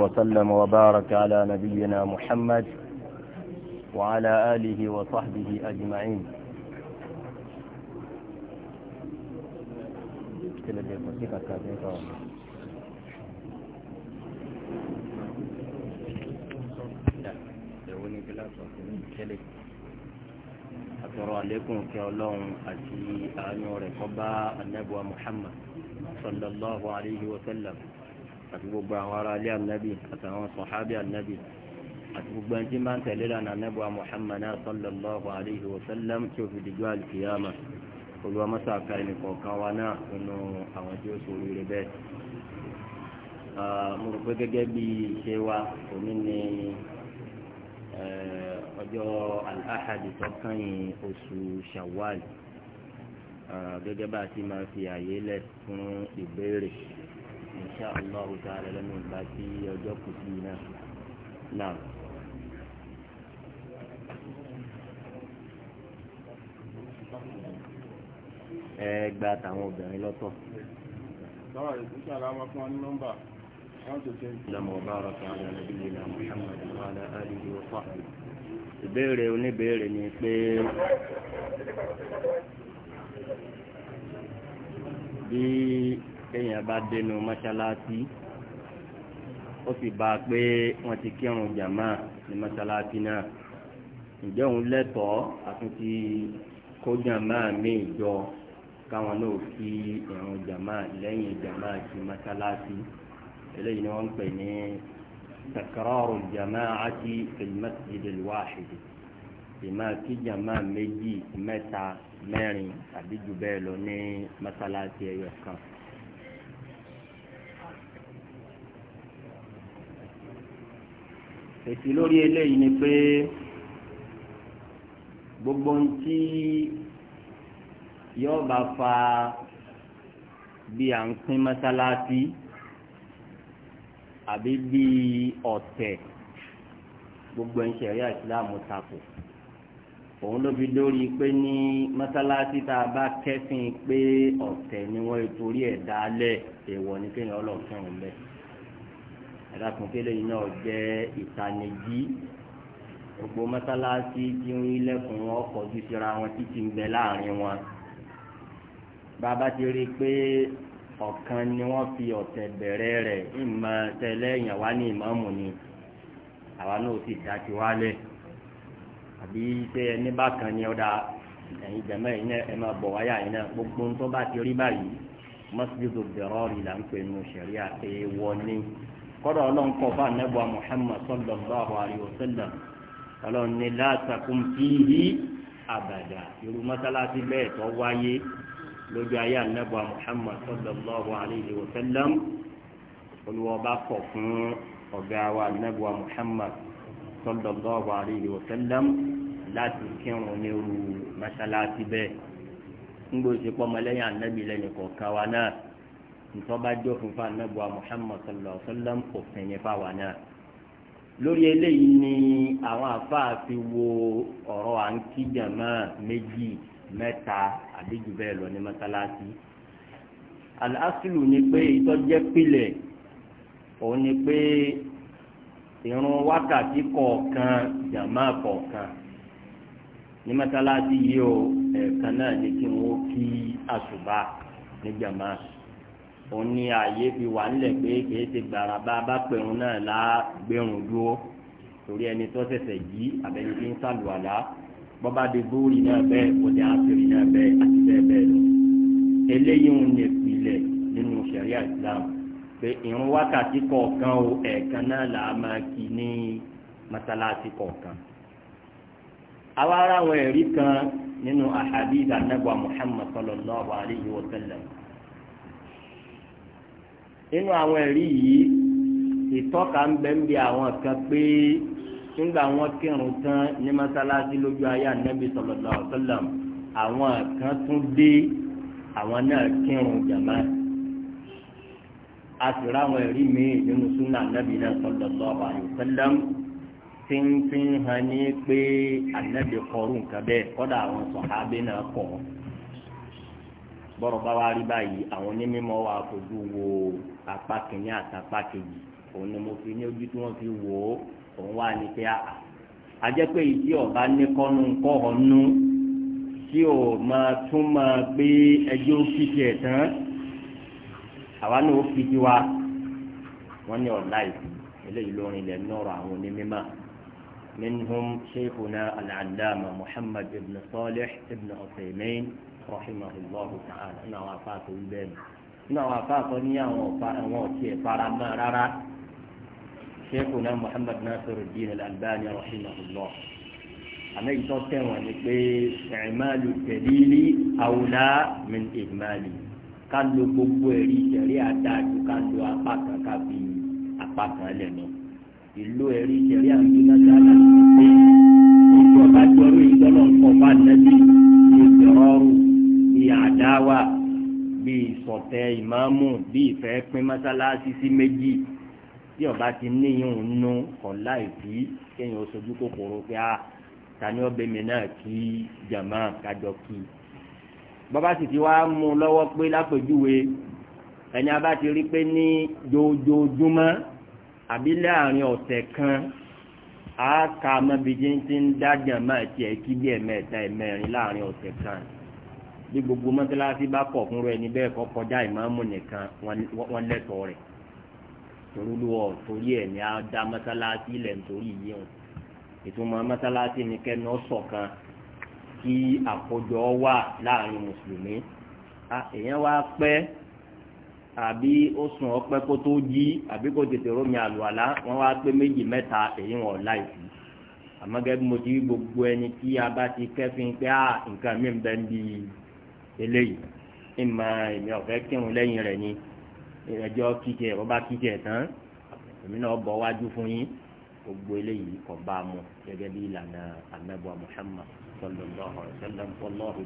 وسلم وبارك على نبينا محمد وعلى آله وصحبه أجمعين àtọ̀rọ̀ àlékún kí ọlọ́run àti àánú rẹ̀ kọ́ bá anábùwà muhammad sallallahu alayhi wa sallam àti gbogbo àwọn ará ilé ànábì àtàwọn sọ̀hábì ànábì àti gbogbo ẹni tí máa ń tẹ̀lé lánàá nẹ́bù Muhammad sallallahu alayhi wa sallam tí ó fi dìjọ́ àlùkìyàmà olùwàmọ́sà ka ẹnì kọ̀ọ̀kan wa náà nínú àwọn tí ó sòrò rẹ̀ bẹ́ẹ̀. mo rò pé gẹ́gẹ́ bí ṣe wa òní ni ọjọ́ al-ahadi tó oṣù shawwal gẹ́gẹ́ bá a ti máa fi àyè lẹ̀ fún ìbéèrè insha Allah ta'ala lẹ́nu ìgbà tí ọjọ́ kù sí náà náà. ẹ gba àtàwọn obìnrin lọ́tọ̀. Báwa ìdíkà láwọn fún ọ́n nọ́mbà wọ́n tó ṣe. Ìlànà ọba ọ̀rọ̀ kan ní ọ̀nà ìdílé náà Mùhàmmad Wàlá Aliyu Ọ̀fà. Ìbéèrè oníbéèrè ni pé bí kéèyàn bá dénú mọ́ṣáláṣí ó sì bá a pé wọ́n ti kírun jàmá ní mọ́ṣáláṣí náà ǹjẹ́ òun lẹ́tọ̀ọ́ àtúntì kó jàmá míì jọ káwọn náà fi ìrun jàmá lẹ́yìn jàmá ti mọ́ṣáláṣí eléyìí ni wọ́n ń pè ní takraru jamaati fil masjid al ìmọ̀ kí jàmá méjì mẹ́ta mẹ́rin tàbí jù bẹ́ẹ̀ lọ ní mọ́ṣáláṣí ẹyọ kan. èsì lórí eléyìí ni pé gbogbo ń tí yóò bá fa bí à ń pín mọ́sálásí àbí bí ọ̀tẹ̀ gbogbo ń ṣẹ̀rí àìsíláàmù takò òun ló fi dórí pé ní mọ́sálásí tá a bá kẹ́sìn pé ọ̀tẹ̀ ni wọ́n torí ẹ̀ dálẹ̀ èèwọ̀ ní kéèyàn ọlọ́ọ̀kẹ́rùn-ún bẹ́ẹ̀ ẹ̀dàkùn kele yìí náà jẹ́ ìtànìjí gbogbo mọ́sálásí tí ń ilẹ̀kùn wọn kọjú síra wọn títí ń bẹ láàrin wọn bàbá ti rí i pé ọ̀kan ni wọ́n fi ọ̀tẹ̀ bẹ̀rẹ̀ rẹ̀ ìmọ̀ tẹ́lẹ̀ yẹn wá ní ìmáàmù ni àwa náà sì dá ti wálẹ̀ àbí ṣé ẹni bá kan ni ọ̀dà ẹ̀yin jẹ̀mọ́ ẹ̀yin náà ẹ̀ máa bọ̀ wáyà yìí náà gbogbo ń tó bá ti rí báyìí mọ́sídìí gbogbo ẹ̀rọ rí là ń pè kọ́dọ̀ ọlọ́run kọ́ fún anábọ̀ Muhammad sallallahu alayhi wa sallam ọlọ́run ní la takum fihi abada irú mọ́sálásí bẹ́ẹ̀ tó wáyé lójú ayé anábọ̀ Muhammad sallallahu alayhi wa sallam olùwọ́ba kọ̀ fún ọ̀gá wa anábọ̀ Muhammad sallallahu alayhi wa sallam láti kírun ní irú mọ́sálásí bẹ́ẹ̀ ńgbọ́sẹ̀ pọ́mọlẹ́yìn anábì lẹ́yìn kọ̀ọ̀kan ntọ́ba jó funfun anabuwa muhammad sallallahu alaihi wa sallam òfin yẹn fáwa náà lórí eléyìí ni àwọn àfáà fi wo ọ̀rọ̀ à ń kí jàmá méjì mẹ́ta àbí jù bẹ́ẹ̀ lọ ní mọ́sálásí aláṣìlù ni pé ìtọ́jẹ́ pilẹ̀ òun ni pé ìrun wákàtí kọ̀ọ̀kan jàmá kọ̀ọ̀kan ní mọ́sálásí yìí o ẹ̀ẹ̀kan náà ni kí wọ́n kí àsùbá ní jàmá òun ni ààyè fi wà nílẹ̀ pé kìí ṣe gbàrà bá a bá pẹ̀rùn náà lá gbẹ̀rùn dúró torí ẹni tó ṣẹ̀ṣẹ̀ yí àbẹ̀ni fi ń sàlùwàlá bọ́ba di búrì náà bẹ́ẹ̀ kò dé àṣírí náà bẹ́ẹ̀ àti bẹ́ẹ̀ bẹ́ẹ̀ lọ. eléyìí ń lè pilẹ̀ nínú sẹ̀ríà Islam pé ìrun wákàtí kọ̀ọ̀kan o ẹ̀ẹ̀kan náà là á máa kí ní mọ́sálásí kọ̀ọ̀kan. àwa ara àwọn ẹ̀rí kan nínú àhàdí ìdánẹ́gbà Muhammad sallallahu alayhi wa sallam nínú àwọn ẹ̀rí yìí ìtọ́ka ń bẹ ń bi àwọn kan pé nígbà wọn kírun tán ní mọ́sálásí lójú ayé ànábì sallallahu alaihi wasallam àwọn kan tún dé àwọn náà kírun jàmá a sì rá àwọn ẹ̀rí míì nínú súnà ànábì náà sallallahu alaihi wasallam hàn ní pé ànábì kọrú nǹkan bẹ́ẹ̀ kọ́dà àwọn sọ̀hábẹ́ náà kọ̀ ọ́ bọ́rọ̀ bá wá rí báyìí àwọn onímọ̀ wa fojú wo apá kìíní àtàpá kejì òun ni mo fi ní ojú tí wọ́n fi wò ó òun wá ní pé àà àjẹpẹ́ yìí tí ọba ní kọ́nu kọ́hónú tí ò máa tún máa gbé ẹjọ́ fìdí ẹ̀ àwa náà ó fìdí wa wọ́n ní ọ̀la ìlú eléyìí lórin ilẹ̀ nọ́ọ̀rọ̀ àwọn onímọ̀ منهم شيخنا العلامة محمد بن صالح بن عثيمين rahimahullahu ta'ala nínú àwọn afá tó wí bẹ́ẹ̀ nínú àwọn afá tó ní àwọn ọ̀tí ẹ̀ fara mọ́ rárá sheikhuna muhammad nasiruddin al-albani rahimahullah àmọ́ ìtọ́ tẹ̀wọ̀n ni pé i'malu tẹ̀lílì awla min ijmali ká lo gbogbo ẹ̀rí ìṣẹ̀rí àdáàjù ká lo apá kan ká fi apá kan lẹ́nu ìlú ẹ̀rí ìṣẹ̀rí àdúgbò dáadáa ti pé ìjọba jọrọ ìjọba ń kọ́ bá nẹ́bí ìṣẹ̀rọ̀rù bíi àdáwà bíi ìsọ̀tẹ̀ ìmáàmù bíi ìfẹ́ pín mọ́sálásí sí méjì tí ọba ti níyìn ń nú ọ̀la ìbí kéèyàn sojú kòkòrò pé a ah, tani ọbẹ̀ mi náà kí jàmá kájọ kí i bàbá sì ti wá mú un lọ́wọ́ pé lápèjúwe ẹni abá ti rí pé ní jojoojúmọ́ àbí láàrin ọ̀sẹ̀ kan a kà mọ́bi tí ń dá jàmá tiẹ̀ kí bí ẹ̀mẹ́ta ẹ̀mẹ́rin láàrin ọ̀sẹ̀ kan bí gbogbo mọ́sálásí bá kọ̀ fún rẹ̀ níbẹ̀ kọ́ kọjá ìmáàmù nìkan wọ́n lẹ́tọ̀ọ́ rẹ̀ torúlùwọ̀ torí ẹ̀ ní á dá mọ́sálásí nítorí yìí hàn ìtumọ̀ mọ́sálásí ni kẹ́ni ó ṣọ̀kan kí àkójọ wà láàrin mùsùlùmí èèyàn wá pẹ́ àbí ó sùn ọpẹ́ kó tó jí àbí kó tètè rómi àlùwàlá wọ́n wá pé méjì mẹ́ta èyí wọn láì sí àmọ́ gẹ́gẹ́ bí mo ti rí gbogbo ẹni tí a bá ti kẹ́fín pé ah, nǹkan mi ń bẹ ń bí i eléyìí ìmọ̀ èmi ọ̀fẹ́ kírun lẹ́yìn rẹ̀ ni ẹjọ́ kíkẹ́ ẹ̀rọ bá kíkẹ́ tán èmi náà bọ̀ wájú fún yín gbogbo eléyìí kò bá a mọ̀ gẹ́gẹ́ bí ìlànà anábọ̀ Muhammad sallallahu alaihi wasallam wallahu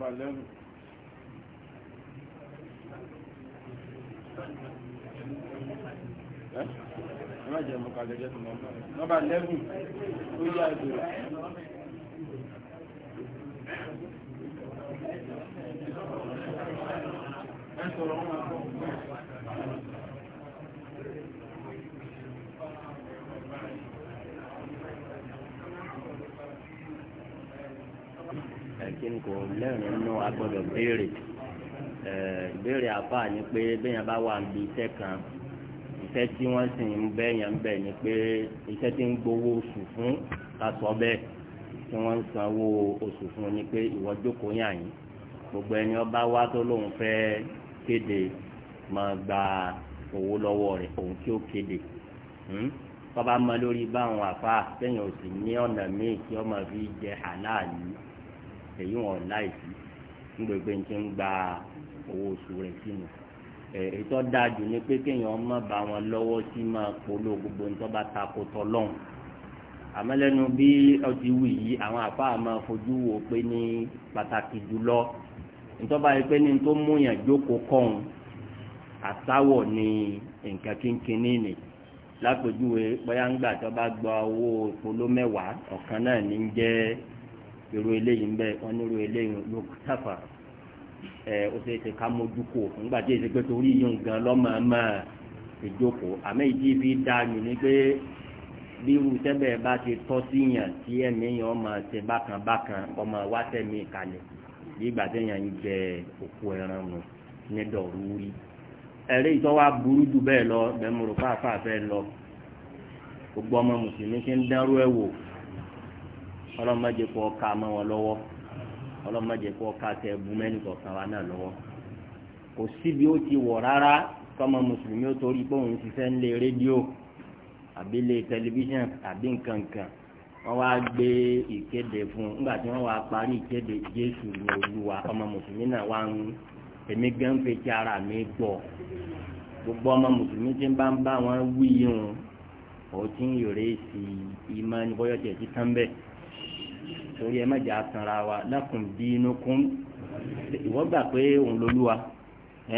Valeu. ẹ má jẹ mọ ká gẹ́gẹ́ tó mọ nọ́mbà eleven ó yá ìgbò ẹ sọ̀rọ̀ wọn àpọ. kí kò lẹ́rìn-ín nú agbọ́dọ̀ béèrè. Eh, ìbéèrè àfáà ni pé bẹ́yàn bá wà níbi iṣẹ́ kan iṣẹ́ tí wọ́n sì ń bẹ́yàn bẹ̀ ni pé iṣẹ́ tí ń gbowó oṣù fún kásọ̀ bẹ́ẹ̀ tí wọ́n ń sanwó oṣù fún ni pé ìwọ jókòó yàn yín gbogbo ẹni ọba wá tó lóun fẹ́ kéde máa gba owó lọ́wọ́ rẹ̀ òun tí ó kéde hmm? tọ́ba mọ lórí báwọn àfáà bẹ́yàn ò sì ní ọ̀nà míì tí ọmọ fi jẹ àláàlú èyí wọn láì sí ń gbègbè ti ń gba owó oṣù rẹ̀ sínú ètò dájú ni pé kéèyàn má bá wọn lọ́wọ́ sí máa polo gbogbo nítorí bá takò tọ́ lọ́hùn àmọ́ bí ó ti wù yìí àwọn wo pé ní pàtàkì jùlọ nítorí báyìí pé ní tó jókòó ni nǹkan kínkínní ni lápèjúwe bóyá ń gba owó polo mẹ́wàá ọ̀kan náà ní jẹ́ irú eléyìí ń bẹ́ẹ̀ wọ́n ní ẹ ó ṣe ká mójú kò nígbà tí èsì pé torí yóò gan lọ́mọọmọ ìjókòó àmọ́ ìdí fi dáa ni pé bí irú tẹ́bẹ̀ bá ti tọ́ sí yàn tí ẹ̀mí yàn ọmọ ṣe bákan bákan ọmọ wa tẹ̀mí kalẹ̀ bí ìgbà tẹ̀yàn ń jẹ òkú ẹran nù ní dọ̀rú rí ẹ̀rí ìtọ́wá burú jù bẹ́ẹ̀ lọ bẹ́ẹ̀mùrù fáfá fẹ́ lọ gbogbo ọmọ mùsùlùmí ti ń dárú ẹ̀ wò ọlọ́mọdé kọ́ ká mọ́ wọn lọ́wọ́ ọlọ́mọdé kọ́ káṣẹ́ bu mẹ́nu kọ̀ọ̀kan wa náà lọ́wọ́ kò síbi ó ti wọ̀ rárá kọ́mọ mùsùlùmí ó torí pé òun ṣiṣẹ́ ń lé rédíò àbí lé tẹlifíṣàn àbí nǹkan kan wọ́n wá gbé ìkéde fún un nígbà tí wọ́n wá parí ìkéde jésù ní olúwa ọmọ mùsùlùmí náà wá ń èmi gan fẹ́ kí ara mi gbọ́ gbogbo ọmọ mùsùlùmí tí ń bá ń bá wọn wí yìí hàn ó ti ń yòrè sí ìmọ̀ ní bọ́yọ̀ tiẹ̀ torí ẹ mẹjẹ atanra wa lakum dinukum ìwọ gbà pé òun lolúwa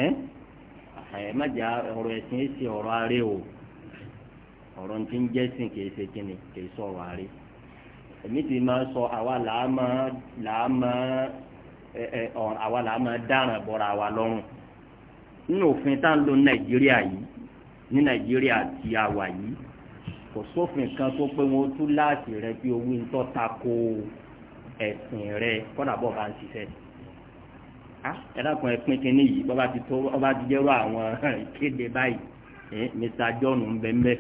ẹ ẹ mẹjẹ ọ̀rọ̀ ẹ̀sìn èsì ọ̀rọ̀ aré o ọ̀rọ̀ ti ń jẹ́sìn kìí ṣe kíni kìí sọ̀rọ̀ aré èmi ti máa sọ àwa làá máa làá máa ẹ ẹ àwa làá máa dáràn bọ́ra wa lọ́rùn nínú òfin tá à ń lo nàìjíríà yìí ní nàìjíríà ti àwà yìí kò sófin kan tó pé wọn tú láàṣì rẹ bí owó ń tọ́ ta ko o ẹ̀sìn rẹ kọ́dà bọ́ bá ń ṣiṣẹ́ ah, ẹ̀dàkùn ẹ̀pin kínní yìí bọ́ba ti tó ọba ti jẹ́rọ àwọn ìkéde báyìí eh, Mr. John ń bẹ́ mbẹ́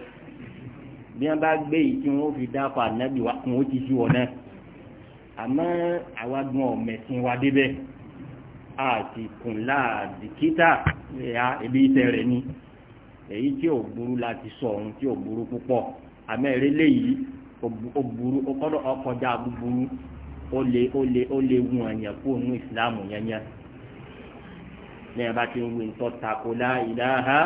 bí wọ́n bá gbé yìí tí wọ́n fi dáko ànábì wa kún ó ti ṣí wọn náà àmọ́ àwa gan ọ̀mẹ̀sìn wa débẹ̀ a ti kùn láàdìkítà ẹ̀yà eh, ebi iṣẹ́ rẹ̀ ni èyí tí ò burú láti sọ ohun tí ò burú púpọ̀ àmọ́ èrè léyìí ó burú ó kọ́dọ̀ ọkọjá búburú ó lè ó lè ó lè wù àyàn kó nù ìsìláàmù yányá ní ẹ bá ti ń wí ń tọ́ tako la ilaha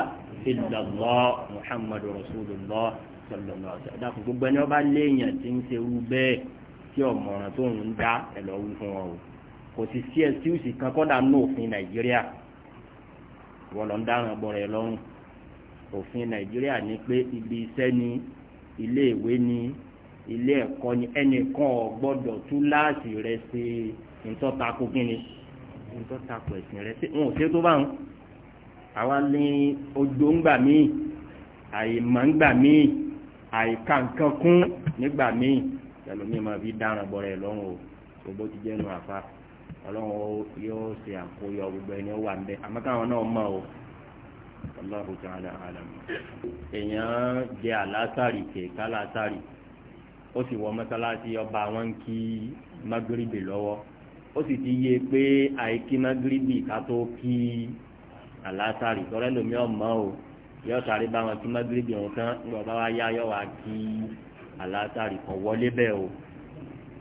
illallah muhammadu rasulillah sallallahu alaihi wa sallam gbogbo ẹni ọba léèyàn ti ń ṣe irú bẹ́ẹ̀ tí ọmọràn tó ń dá ẹ lọ wí fún wọn o kò sì sí ẹsíùsì kan kọ́dà ní òfin nàìjíríà wọ́n lọ ń dáràn bọ̀ rẹ̀ lọ́rùn òfin nàìjíríà ní pé ibi iṣẹ́ ni ilé ìwé ni ilé ẹ̀kọ́ ni ẹnìkan ò gbọ́dọ̀ tú láàsì rẹ ṣe ntọ́tako kínni ntọ́tako ẹ̀sìn rẹ ṣe wọn ò ṣe tó bá wọn. àwa ní odò ń gbà míì àìmọ̀ ń gbà míì àìka nǹkan kún nígbà míì ẹlòmíì máa fi dáràn bọ̀rẹ̀ lọ́rùn o gbogbo ti jẹ́ nu àfa ọlọ́run yóò ṣe àkóyọ gbogbo ẹni ó wà ń bẹ àmọ́ káwọn náà mọ̀ o Allahu ta'ala alam èèyàn jẹ àlásàrì kè kálásàrì ó sì wọ mọ́sálásí ọba wọn kí magrebi lọ́wọ́ ó sì ti yé pé àìkí magrebi ká tó kí àlásàrì tọ́lẹ́ lómi ọ̀mọ́ o yọ sáré bá wọn kí magrebi wọn tán ní ọba wa yá yọ wá kí àlásàrì kan wọlé bẹ́ẹ̀ o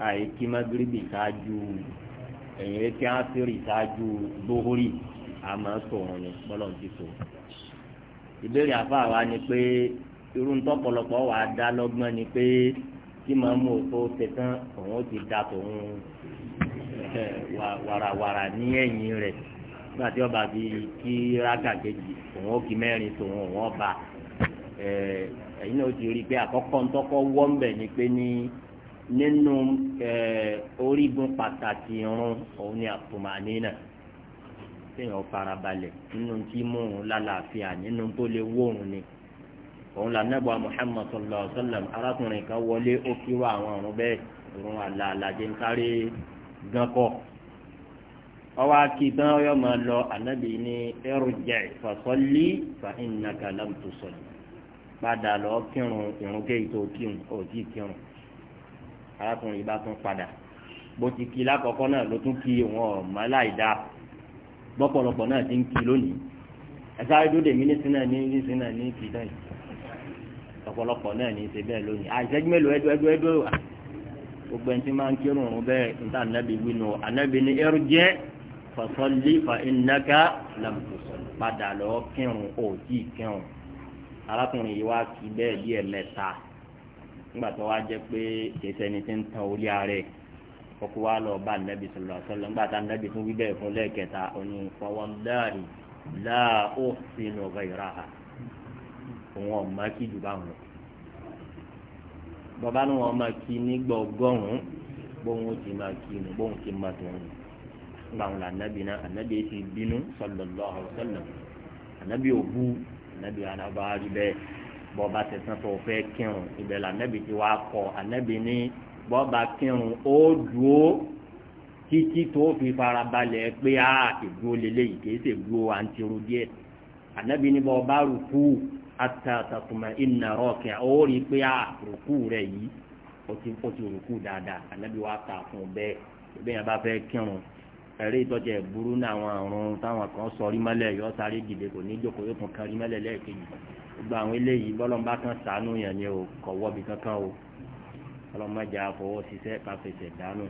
àìkí magrebi ṣáájú ẹ̀yìn etí ásírì ṣáájú gbóhórì àmọ́ sòrùn ni bọ́lọ̀ ti sò. ìbéèrè àfa wa ni pé irú ntọ́pọ̀lọpọ̀ wà dá lọ́gbọ́n ni pé kí màá mú òtó tẹ̀tán òun ó ti da tòun wàràwàrà ní ẹ̀yìn rẹ̀ nígbà tí ọba bíi kí rákà kejì òun ó kí mẹ́rin tòun òun ọba ẹ̀yin náà ti rí i pé àkọ́kọ́ ńtọ́kọ́ wọ́ ń bẹ̀ ni pé ní nínú orígun pàtàkì irun òun ni àtùmání náà kéèyàn farabalẹ̀ nínú tí mò ń lálàáfíà nínú tó lè wó ni òun là nẹ́bọ̀ Muhammad sallallahu alaihi wasallam arákùnrin kan wọlé ó kí wá àwọn ọ̀run bẹ́ẹ̀ òun àlà àlàjẹ ń kárí gánkọ́ ọwọ́ akitán ọyọ́ máa lọ ànábì ní irji fa salli fa innaka lam tusalli padà lọ kírun ìrun kéyìí tó kírun ó ti kírun arákùnrin bá tún padà bó ti kí lákọ̀ọ́kọ́ náà ló tún kí wọn ọ̀mọ gbọ́pọ̀lọpọ̀ náà ti ń kí lónìí ẹ̀ka ìdóde mi ní sinà ní sinà ní kìdá yìí ọ̀pọ̀lọpọ̀ náà ní í ṣe bẹ́ẹ̀ lónìí àìsẹ́jú mélòó ẹdú ẹdú ẹdú gbogbo ẹni tí máa ń kírun òun bẹ́ẹ̀ níta ànábì wínú ànábì ní ẹrú jẹ́ fasalli fa innaka lam tusalli padà lọ kírun ò tí ì kírun arákùnrin yìí wá kí bẹ́ẹ̀ díẹ̀ mẹ́ta nígbà tó wá jẹ́ pé kèsì ẹni tí ń tan orí ààrẹ kókó wá lọ bá ànábì sallallahu alaihi nígbà tá ànábì tún wí bẹ́ẹ̀ fún lẹ́ẹ̀kẹta òní fawallahi la uhsinu ghayraha òun ọ̀ bàbá ni wọn máa kí nígbà ọgọ́rùn-ún bóun ti máa kí nu bóun ti máa tó nu nígbà wọn là ànábì náà ànábì ti bínú sallallahu alaihi wasallam ànábì ò bú ànábì alábà rí bẹ́ẹ̀ bọ́ba tẹ̀sán tó fẹ́ kírun ibẹ̀ là ànábì ti wá kọ ànábì ní bọ́ba kírun ó dúró títí tó fi farabalẹ̀ pé a ìgbó lélẹ́yìí kì í ṣègbó àǹtí ro díẹ̀ ní bọ́ba rù atatuma ina rọkẹ ó rí i pé àrùkù ah, rẹ yìí ó ti ó ti rùkù dáadáa ànábi wàá kà fún bẹ́ẹ̀ bẹ́ẹ̀ yẹn bá fẹ́ kírun ẹ̀rí ìtọ́jà ìburú ní àwọn àrùn táwọn kan sọ rí mọ́lẹ̀ yọ sáré dìde kò ní jókòó yóò tún kan rí mọ́lẹ̀ lẹ́ẹ̀kejì gbogbo àwọn eléyìí bọ́lọ́mbà kan sànú yẹn ni o kọ̀ wọ́bi kankan o ọlọ́mọdé àfọwọ́ ṣiṣẹ́ káfẹsẹ̀ dánù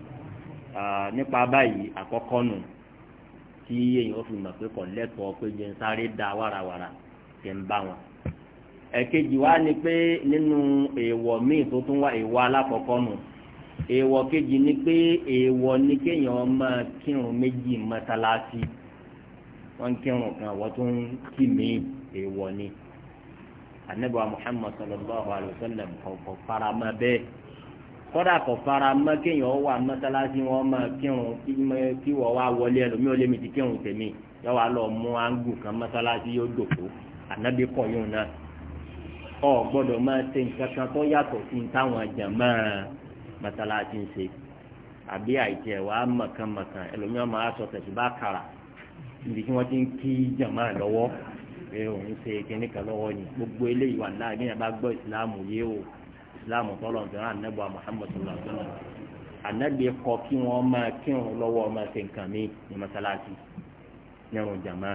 nípa báyìí àkọ́kọ́ nù tí èèyàn fi mọ̀ pé kọ̀ lẹ́tọ̀ọ́ pé jẹ́ ń sáré da wàràwàrà jẹ́ ń bá wọn ẹ̀kejì wá ni pé nínú èèwọ̀ míì tó tún wá èèwọ̀ alákọ̀ọ́kọ́ nù èèwọ̀ kejì ni pé èèwọ̀ ni kéèyàn máa kírun méjì mọ́sálásí wọ́n ń kírun kan wọ́n tún kí míì èèwọ̀ ni anabiwa muhammad sallallahu alayhi wa sallam kò fara mọ́ bẹ́ẹ̀ kọ́dà kò fara mọ́ kéèyàn wà mọ́sálásí wọ́n máa kírun kí wọ́n wá wọlé ẹlòmíì ó lé mi ti kírun tèmi yọ wá lọ mú áńgù kan mọ́sálásí yóò dòkó anabi kọ̀ yóò náà ọ gbọ́dọ̀ máa ṣe nǹkan kan tó yàtọ̀ sí táwọn àjàmá mọ́sálásí ń ṣe àbí àìjẹ wà á mọ̀kàn mọ̀kàn ẹlòmíràn máa sọ tẹ̀sí bá kàrà níbi tí wọ́n ti ń kí jàmá lọ́wọ́ pé òun ṣe kíní kan lọ́wọ́ ni gbogbo eléyìí wà láàyè bí yẹn bá gbọ́ ìsìláàmù yé o ìsìláàmù tọ́lọ̀ ń tẹ̀lé ànábì Muhammad sallallahu alaihi wasallam ànábì kọ kí wọ́n máa kírun lọ́wọ́ máa ṣe nǹkan míì ní mọ́sálásí ní ọ̀rùn jàmá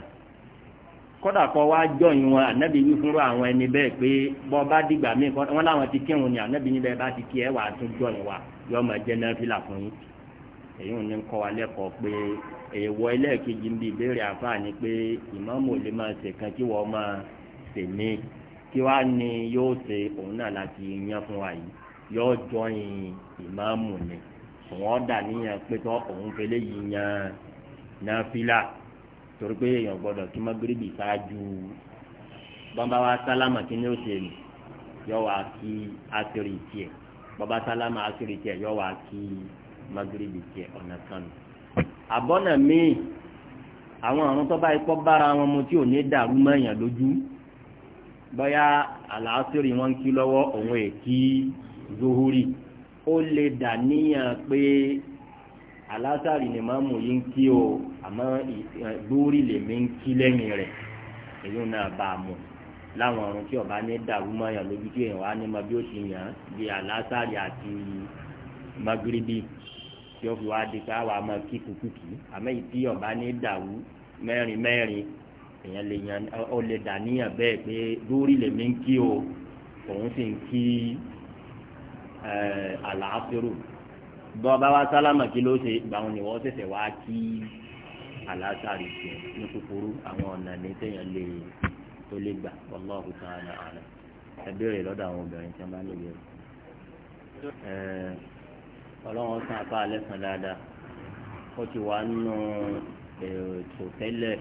kódà kọ́ wá jọyìn wọn ànábì wí fúnra àwọn ẹni bẹ́ẹ̀ pé bọ́ bá dìgbà míì kọ́ wọn láwọn ti kírun ni ànábì níbẹ̀ bá ti kí ẹ wà á tún jọyìn wa yọ máa jẹ náfìlà fún yín èyí ò ní kọ́ wa lẹ́kọ̀ọ́ pé èèwọ̀ ẹlẹ́ẹ̀kejì ń bi ìbéèrè àfáà ni pé ìmáàmù lè máa ṣe kan kí wọ́n máa ṣe mí kí wàá ní yóò ṣe òun náà láti yan fún wa yìí yóò jọyìn ìmáàmù ni òun ọ̀dà níyàn pé tọ́ òun torí pé èèyàn gbọ́dọ̀ kí magrebi ṣáájú bọ́nbá wa sálámà kí ni ó ṣe nù yọ wá kí asiri tiẹ̀ bọ́nbá sálámà asiri tiẹ̀ yọ wá kí magrebi tiẹ̀ ọ̀nà kan nù. àbọ̀nà míì àwọn àrùn tó bá ikọ́ bára wọn mu tí ò ní dàrú mọ́yàn lójú bóyá àlàáfíìrì wọn kí lọ́wọ́ òun èkí zuhuri ó lè dà níyàn pé alásàrì ni màmú yìí ń kí o àmọ́ lórí lèmi ń kí lẹ́yìn rẹ̀ èyí náà bá a mú láwọn ọ̀run tí ọba ní dàrú mọ́yàn lójú tí èèyàn wá ní ma bí ó ti yàn án bí alásàrì àti magiribi tí ó fi wá di ká wàá máa kí kùkùkì àmọ́ èyí tí ọba ní dàrú mẹ́rin mẹ́rin èèyàn lè yàn ó lè dà níyàn bẹ́ẹ̀ pé lórí lèmi ń kí o òun sì ń kí àlàáfíà rò bọ́ bá wá sálámà kí ló ṣe ìgbà wọn ni wọ́n ṣẹ̀ṣẹ̀ wá kí aláṣàrí jẹ ní kúkúrú àwọn ọ̀nà ní téèyàn lè tó lè gbà ọlọ́ọ̀kú tán àná àná ẹ béèrè lọ́dọ̀ àwọn obìnrin tí wọ́n bá lè yẹ ọlọ́wọ́n sàn apá alẹ́ kan dáadáa ó ti wà nínú ètò tẹ́lẹ̀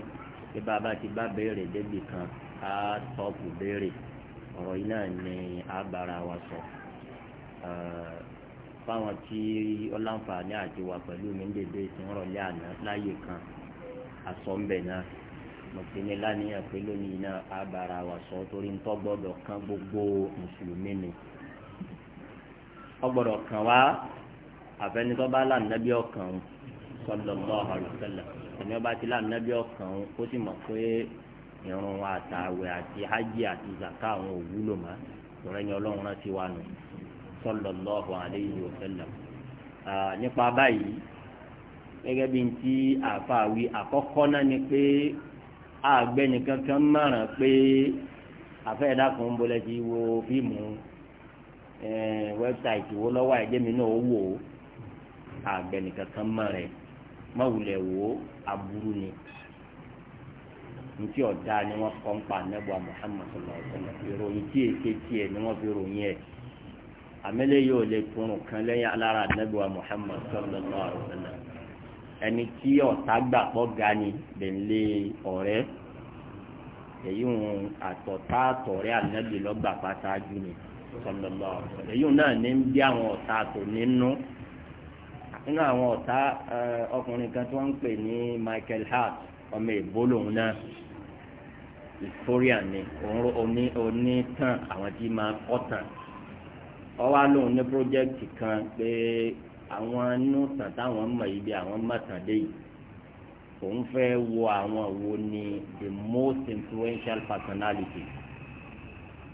pé bàbá ti bá béèrè débì kan á tọ́pù béèrè ọ̀rọ̀ yìí náà ni àbára wa sọ. fáwọn tí ọla àti wà pẹ̀lú mi ń dèdè tí ń rọlé àná láyè kan àsọ̀ǹbẹ̀ náà mọ̀tẹ́ni lánìyàn pé lónìí náà wà sọ torí ń tọ́ gbọ́dọ̀ kan gbogbo mùsùlùmí ni ọgbọ́dọ̀ kan wá àfẹnitọ́ bá lànàbí ọkàn ẹni ọba ti lànàbí ọkàn ó sì mọ̀ pé àtàwẹ̀ hajj àti zaka àwọn òwúlò má ọlọ́run rántí wa nù. sallallahu alayhi wa sallam nípa báyìí gẹ́gẹ́ bí n ti àfàwí àkọ́kọ́ náà ni pé àgbẹ̀ni kankan mara pé àfẹ́ẹ̀dá bọ́lẹ̀ ti wo fíìmù wẹ́bsáìtì wo lọ́wọ́ àìjẹ́mi náà ó wò ó àgbẹ̀ni kankan mọ̀ràn ẹ̀ wò ó aburú ni ni wọ́n kọ́ ń pa anábọ̀ àmẹ́lẹ́ yóò lè túnrùn kan lẹ́yìn alára àdínẹ́bíwá Muhammad sallallahu alaihi wasallam ẹni tí ọ̀tá gbà pọ̀ ga ni bẹ̀lẹ́ ọ̀rẹ́ èyí ń àtọ̀tá àtọ̀rẹ́ ànábì lọ́gbà pátáájú ni sallallahu alaihi wasallam èyí náà ní ń bí àwọn ọ̀tá tó nínú nínú àwọn ọ̀tá ọkùnrin kan tí wọ́n ń pè ní Michael Hart ọmọ èbó lòun náà historian ni òun ní tàn àwọn tí máa kọ́ tàn ọwọ́ alóhùn ní pọ́jẹ́kìtì kan pé àwọn inú tàn táwọn mọ̀ ibi àwọn mọ̀tàn dé yìí òun fẹ́ wo àwọn wo ni the most influential personality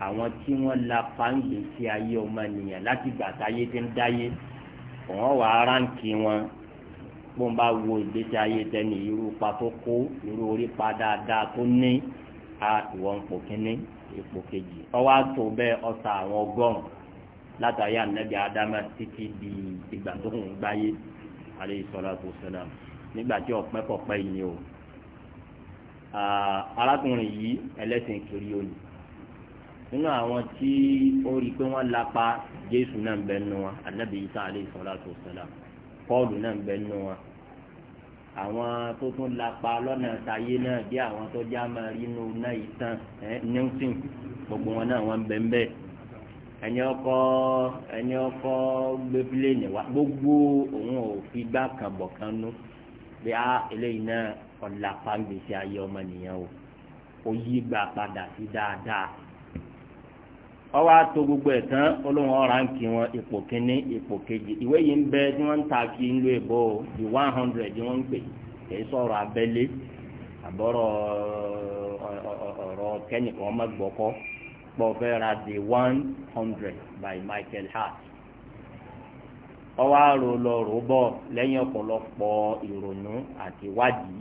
àwọn tí wọ́n la pàǹgbé sí ayé ọmọnìyàn láti gbà táyé ti ń dáyé òun wà á ráǹkì wọn bó ń bá wo ìgbésí ayé tẹni irú pa tó kó irú orí pa dáadáa tó ní a ìwọ̀n ipò kínní ipò kejì ọwọ́ àtò bẹ́ẹ̀ ọ̀sà àwọn ọgọ́rùn-ún látàrí ànábì adama títí di ìgbà tó ń gbáyé alayhi salatu wassalam nígbà tí ọ̀pẹ́ pọ̀pẹ́ yìí ni o arákùnrin yìí ẹlẹ́sìn kiri òní nínú àwọn tí ó rí i pé wọ́n lapa jésù náà bẹ nù wọn ànábì isa alayhi salatu wassalam pọ́ọ̀lù náà bẹ nù wọn àwọn tó tún lapa lọ́nà tayé náà bí àwọn tó já rí inú náà yìí tán ẹ́ newton gbogbo wọn náà wọ́n bẹ ń bẹ́ẹ̀. ẹni ọkọ ẹni ọkọ gbé pílẹ̀nì wa gbogbo òun ò fi gbá kan bọ̀ kan nú bí a eléyìí náà ọ̀la pàgbèsè ayé ọmọ nìyẹn o ó yí gbà padà sí dáadáa ọwọ́ ato gbogbo ẹ̀ tán olóhùn ọ̀rá ń kí wọn ipò kínní ipò kejì ìwé yìí ń bẹ tí wọ́n ń ta kí ń lo ìbò di one hundred ni wọ́n ń pè kìí sọ̀rọ̀ abẹ́lé àbọ̀rọ̀ ọ̀rọ̀ kẹ́nìkan ọmọ gbọ́kọ́ pọ̀ fẹ́ the 100 by Michael Hart ọwọ́ àrò lọ rò bọ̀ lẹ́yìn ọ̀pọ̀lọpọ̀ ìrònú àti ìwádìí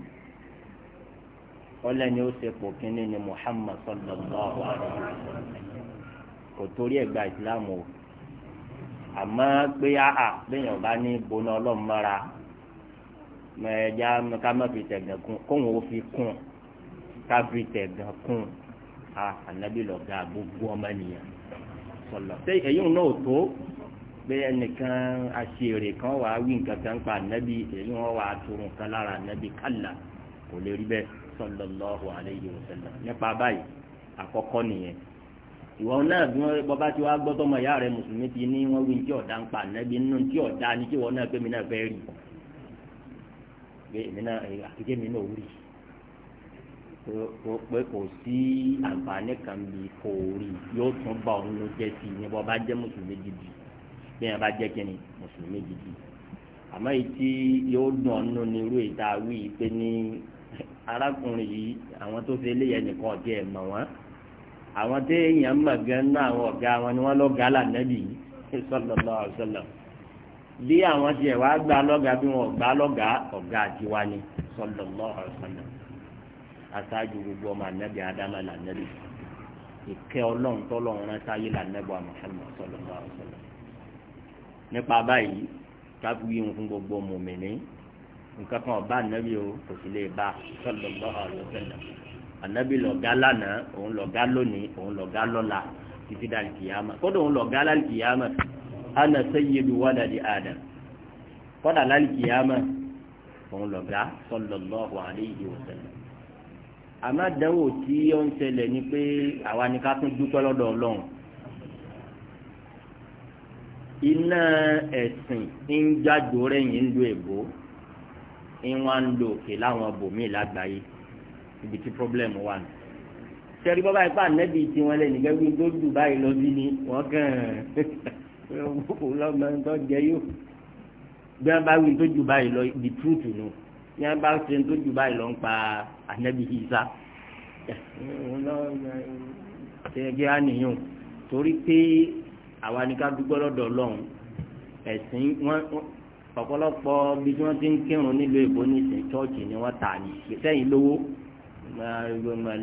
ọlẹ́ni ó ṣe pò kínní ni Muhammad sallallahu alaihi wasallam kò torí ẹ̀ gba Islam o àmọ́ pé àhà bẹ́yàn bá ní boná ọlọ́mọ́ra mẹ́ẹ̀ẹ́dá ká má fi tẹ̀gàn kún kóun ó fi kún ká fi tẹ̀gàn kún a ànábì lọ gbogbo ọmọ ènìyàn sọlọ. ṣé èyí ń náà tó pé ẹnìkan aṣèrè kan wàá wí nǹkan kan pa ànábì èyí wọn turun kan lára ànábì kálà kò lè rí bẹ́ẹ̀ sallallahu alayhi wa sọlọ nípa báyìí àkọ́kọ́ nìyẹn ìwọ náà bí wọn bọba tí ìyá rẹ mùsùlùmí ti ní wọn wí tí ń pa nínú tí ni tí ìwọ náà pé mi náà rí o pé kò sí àǹfààní kan bí kò rí yóò tún bá òun ló jẹ́ sí i ní bọ́ bá jẹ́ mùsùlùmí gidi bí yẹn bá jẹ́ kíni mùsùlùmí gidi àmọ́ èyí tí yóò dùn ọ́nù ní irú ìta wí pé ní arákùnrin yìí àwọn tó fi eléyẹ nìkan ọ̀gá ẹ̀ mọ̀ wọ́n àwọn tí èèyàn mọ̀ gan náà àwọn ọ̀gá wọn ni wọ́n lọ gà lànàbì sallallahu alaihi wasallam bí àwọn tiẹ̀ wá gbà lọ́gàá bí wọn ọ̀gbà lọ́gàá ọ̀gá àtiwá ni sallallahu alaihi wasallam aṣáájú gbogbo ọmọ anabi adama la anabi ìkẹ́ ọlọ́run tọ́lọ́run rán sáyé la anabi Muhammad sallallahu alaihi wasallam nípa báyìí kábíyì ń fún gbogbo mùmìnì nǹkan kan ọba anabi o kò sì lè bá sallallahu alaihi wasallam anabi lọ̀gá lánàá òun lọ̀gá lónìí òun lọ̀gá lọ́la títí dàlí kìyàmà kódà òun lọ̀gá lálí kìyàmà ana sayyidu waladi Adam kódà lálí kìyàmà òun lọ̀gá sallallahu alaihi wasallam àmọ́ àdánwò tí ó ń ṣẹlẹ̀ ni pé àwa ni ká tún dúpẹ́ lọ́dọ̀ ọlọ́run iná ẹ̀sìn ń jájò rẹ̀yìn ń lo èbó ń wá ń lo òkè láwọn bòmíì lágbàáyé ibi tí pọ́blẹ́mù wà nù sẹ́rí bọ́bá ipá nẹ́bí tí wọ́n lé nìkan wí tó dùn báyìí lọ sí ni wọ́n kàn án ọmọ tó jẹ yóò bí wọ́n bá wí tó dùn báyìí lọ the truth nù. No ní wọn bá ń ṣe báyìí lọ ń pa ànábì Ìsá ṣẹjẹ àníyàn torí pé àwa ni ká dúpẹ́ lọ́dọ̀ Ọlọ́run ẹ̀sìn wọn ọ̀pọ̀lọpọ̀ bí wọ́n ti ń kírun nílùú èbó ní ìsìn chọ́ọ̀chì ni wọ́n tà ní sẹ́yìn lówó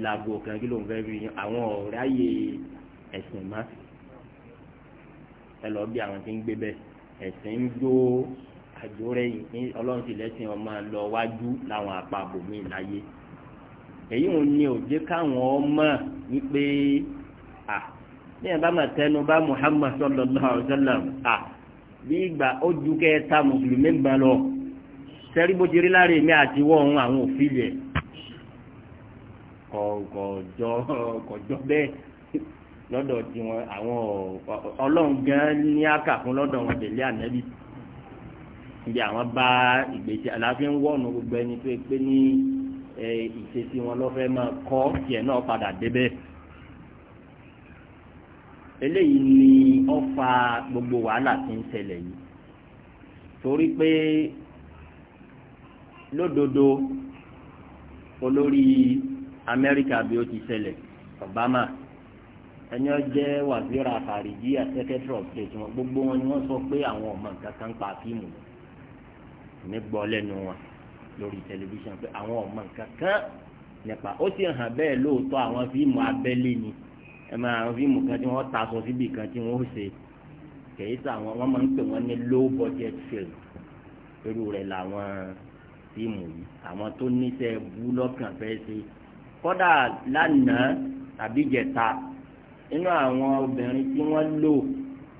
làgbo kan kí ló ń fẹ́ fi àwọn ọ̀rẹ́ ayé ẹ̀sìn má ẹ lọ bí àwọn ti ń gbé bẹ́ẹ̀ ẹ̀sìn ń dó àjòrẹ́ yìí ọlọ́run sì lẹ́sìn ọmọ lọ wájú láwọn àpapọ̀ mi láyé èyí wọn ni ò jẹ́ káwọn ọmọ wípé à bí ẹ bá mà tẹnu bá Muhammad sallallahu alaihi wasallam à bí ìgbà ó ju kẹta mùsùlùmí gbà lọ sẹ́rí bó ti rí láre mi àti wọ́n àwọn òfin yẹn kọ̀ọ̀kọ̀jọ́ kọ̀jọ́ bẹ́ẹ̀ lọ́dọ̀ tiwọn àwọn ọlọ́run gan ní àkà fún lọ́dọ̀ wọn tẹ̀lé ànábì bí àwọn bá ìgbésí àlàáfíà ń wọ̀nù gbogbo ẹni tó pé ní ìṣesí wọn lọ́fẹ́ máa kọ́ tiẹ̀ náà padà débẹ̀. eléyìí ni ó fa gbogbo wàhálà tí ń ṣẹlẹ̀ yìí torí pé lódodo olórí amẹ́ríkà bí ó ti ṣẹlẹ̀ obama ẹni ọjẹ́ wàzíra àfàrìjì àti secretary of state wọn gbogbo wọn ni wọ́n sọ pé àwọn ọmọ nǹkan kan pa fíìmù yìí ní gbọ́ lẹ́nu wọn lórí tẹlifíṣàn pé àwọn ọmọ nǹkan kan nípa ó sì hàn bẹ́ẹ̀ lóòótọ́ àwọn fíìmù abẹ́lé ni ẹ máa àwọn fíìmù kan tí wọ́n ta sọ síbi kan tí wọ́n ó ṣe kèyí tí àwọn wọ́n máa ń pè wọ́n ní low budget film irú rẹ̀ làwọn fíìmù yìí àwọn tó níṣẹ́ bú lọ́kàn fẹ́ ṣe kódà lánàá tàbí jẹta nínú àwọn obìnrin tí wọ́n lò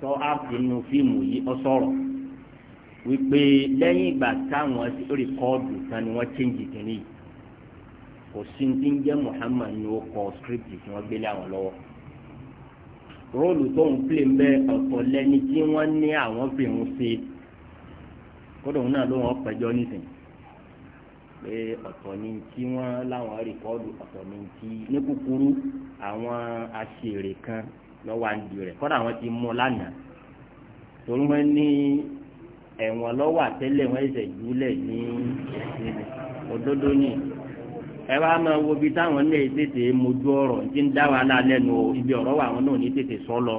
tọ́ áàpù nínú fíìmù yìí ọ sọ̀rọ̀ wípé lẹ́yìn ìgbà táwọn rìkọ́ọ̀dù kan ni wọ́n chẹ́ǹjì kìíní kò sí ní ń jẹ́ Muhammad ní ó kọ script tí wọ́n gbélé àwọn lọ́wọ́ róòlù tó ń plé ń bẹ ọ̀tọ̀ lẹ́ni tí wọ́n ní àwọn fi ń ṣe kódà òun náà ló wọ́n pẹ̀jọ́ nísìnyí pé ọ̀tọ̀ ni tí wọ́n láwọn rìkọ́ọ̀dù ọ̀tọ̀ ni tí ní kúkúrú àwọn aṣèrè kan lọ́wọ́ àǹdí rẹ̀ kódà àwọn ti mú lánàá torí wọ́n ní ẹ̀wọ̀n lọ́wọ́ àtẹ́lẹ̀ wọn ẹ̀sẹ̀ júlẹ̀ ní ìsinmi òdodo ni ẹ wá máa wo ibi táwọn náà tètè mojú ọ̀rọ̀ ti ń dá wa lálẹ́ nu ibi ọ̀rọ̀ wa àwọn náà ní tètè sọ lọ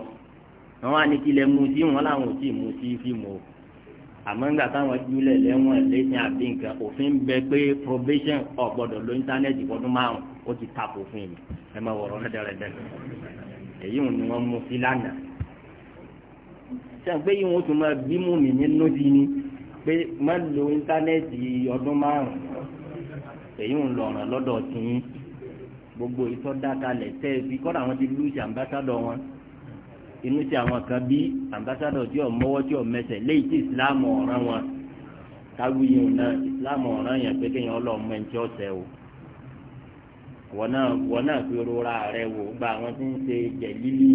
àwọn àníkilẹ̀ mu sí wọn làwọn ò tí ì mu sí fíìmù o àmọ́ nígbà táwọn júlẹ̀ lẹ́wọ̀n lẹ́sìn àbí nǹkan òfin bẹ pé probation ọ̀gbọ́dọ̀ ló íńtánẹ́ẹ̀tì fọdún márùn-ún ó ti tapò fún mi ẹ máa wọ̀rọ̀ rẹ̀ ṣàgbé yìí wọ́n tún máa bímú mi nínú di ni pé má lo íńtánẹ́ẹ̀tì ọdún márùn-ún èyí ń lọ ọ̀ràn lọ́dọ̀ tìyín gbogbo ìtọ́dákalẹ̀ tẹ́ ẹ fi kọ́ra àwọn ti lùsì àmbásádọ̀ wọn inú ti àwọn kan bí àmbásádọ̀ tí ò mọ́wọ́ tí ò mẹsẹ̀ léyìí tí ìsìláàmù ọ̀ràn wọn káwí yìí ń ná ìsìláàmù ọ̀ràn yẹn pé kéèyàn ọlọ́ọ̀mọ ẹni tí ó sẹ́ o wọ́n náà wọ́n náà fi rora rẹ wò gba àwọn tí ń ṣe jẹ̀lílì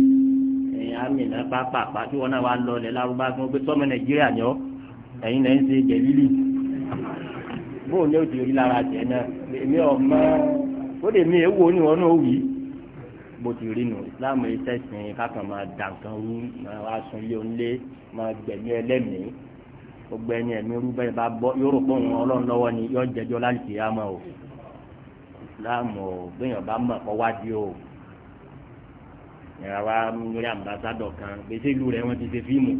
ẹ̀yìn bá pàpà tí wọ́n náà wá lọ ilẹ̀ lárúbá fún pé sọ́mọ nàìjíríà ni ẹ̀yìn náà ń ṣe jẹ̀lílì bóun ní òdì orí lára jẹ náà èmi ọmọ ó lè mi èèwọ̀ ni wọn náà wì bó ti rí nu islam iṣẹ́ sìn kákan máa dà nǹkan rú máa wá sun ilé onílé máa gbẹ̀mí ẹlẹ́mìí gbogbo ẹni ẹ̀mí rú bá bọ́ yóò rò pé òun ọlọ́run lọ́wọ́ ni yóò jẹjọ́ láti kìí á mọ́ o islam o gbẹ̀yàn bá mọ̀ kọ́ wá di o yàrá wa lórí ambassadọ kan gbèsè ìlú rẹ wọn ti ṣe fíìmù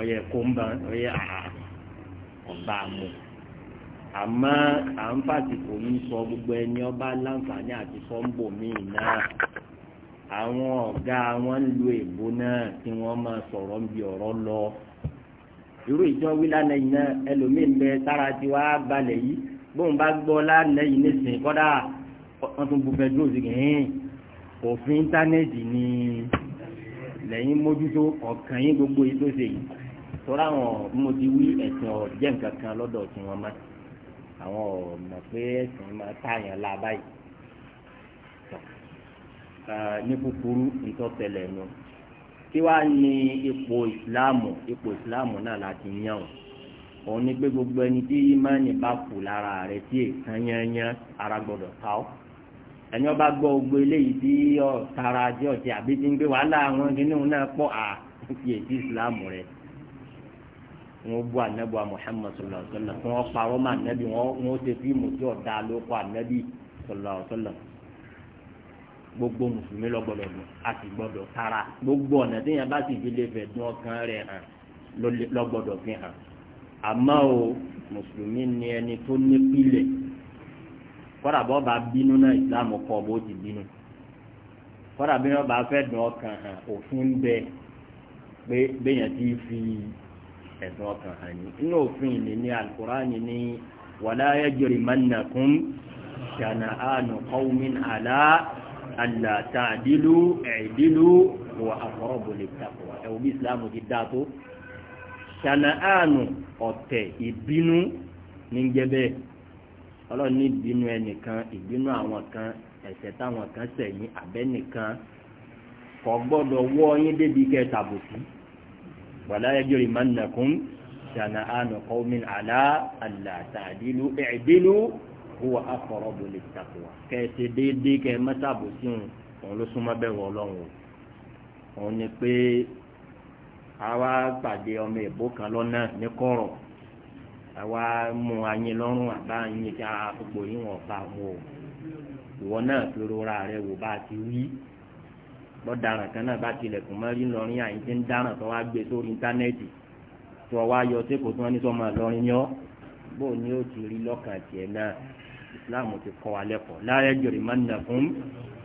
ọyẹ kóńbà ọyẹ ah, ah, ah, ọba àmọ àmọ́ à ń fàtìkò ń sọ gbogbo ẹni ọba láǹfààní àti sọmbò míì náà àwọn ọ̀gá wọn ń lu èbó náà tí wọ́n máa sọ̀rọ̀ ń bi ọ̀rọ̀ lọ irú ìjọ wí lánàá yìí náà ẹlòmíín bẹ sára tí wàá balẹ̀ yìí bóun bá gbọ́ lánàá yìí nísìnyí kọ́dà wọ́n tún bu dúró sí kìíní òfin íńtánẹ́ẹ̀tì ni lẹ́yìn mójútó ọ̀kan yín gbogbo yìí tó ṣe yìí tọ́ra àwọn mo ti wí ẹ̀sìn ọ̀jẹ̀ nǹkan kan lọ́dọ̀ tí wọ́n má àwọn ọ̀mọ̀ pé ẹ̀sìn máa tààyàn la báyìí ní kúkúrú ìtọ́tẹ̀lẹ̀ nù kí wàá ní ipò ìsìláàmù ipò ìsìláàmù náà láti yàn òun ni pé gbogbo ẹni tí ìmánì bá kù lára rẹ̀ tí èèkan yányán ara gbọ́dọ̀ ta ọ́ ẹni ọba gbọ́ gbogbo eléyìí tí ọ tara tí ọ ti àbí ti ń gbé wàhálà àwọn kìíní òun náà pọ̀ à fi èsì ìsìlámù rẹ̀ wọn bu anabi wa muhammad sallallahu alaihi wa sallam wọn parọ́ mọ́ anabi wọn ṣe fíìmù tí ọ ló kọ anabi sallallahu alaihi wa sallam gbogbo mùsùlùmí lọ gbọ́dọ̀ dùn a sì gbọ́dọ̀ tara gbogbo ọ̀nà tí yẹn bá sì fi lè fẹ́ dún ọkàn rẹ̀ hàn lọ fi hàn àmọ́ o mùsùlùmí ni ẹni tó ní pílẹ̀ kọ́dà bọ́ bá bínú náà ìsìlámù kọ́ bó ti bínú kọ́dà bí wọ́n bá fẹ́ dùn ọkàn hàn òfin ń bẹ pé béèyàn ti fi ẹ̀sùn ọkàn hàn ní inú òfin ìní ní alukurani ní wàlá yajiri mannakum ṣànà àánú qawmin àlá àlá tàdílù ẹ̀dílù wà aqrabu littaqwa ẹ̀wọ̀n bí ìsìlámù ti dáa tó ṣànà àánú ọ̀tẹ̀ ìbínú ní jẹ́ ọlọ́run ní ìbínú ẹnìkan ìbínú àwọn kan ẹ̀ṣẹ̀ táwọn kan sẹ̀yìn àbẹ́nìkan kò gbọ́dọ̀ wọ́ yín débi kẹ́ tàbùkù wàlá ẹjọ́ ìmánàkún ṣànà àánú qawmin àlá àlà ta'dilu i'dilu huwa aqrabu lit-taqwa kẹ́ ẹ ṣe déédéé kẹ́ ẹ tàbùkù òun ló súnmọ́ bẹ̀rù ọlọ́run òun ni pé àwa pàdé ọmọ ìbò kan lọ́nà ní kọ́rọ̀ àwa mú anyin lọ́rùn àbá anyin tí a yín wọ̀n bá mú o ìwọ náà fi rora rẹ wò bá a ti wí bọ́daràn kan náà bá tilẹ̀kùn mọ́rí ńlọrin àyín tí ń dáràn tó wá gbé sórí íńtánẹ́ẹ̀tì tó wá yọ sí kò tí wọ́n ní sọ́mọ ìlọrin yọ bó ni ó ti rí lọ́kàn tiẹ̀ náà islam ti kọ́ wa lẹ́kọ̀ọ́ láyé jòrè má nà fún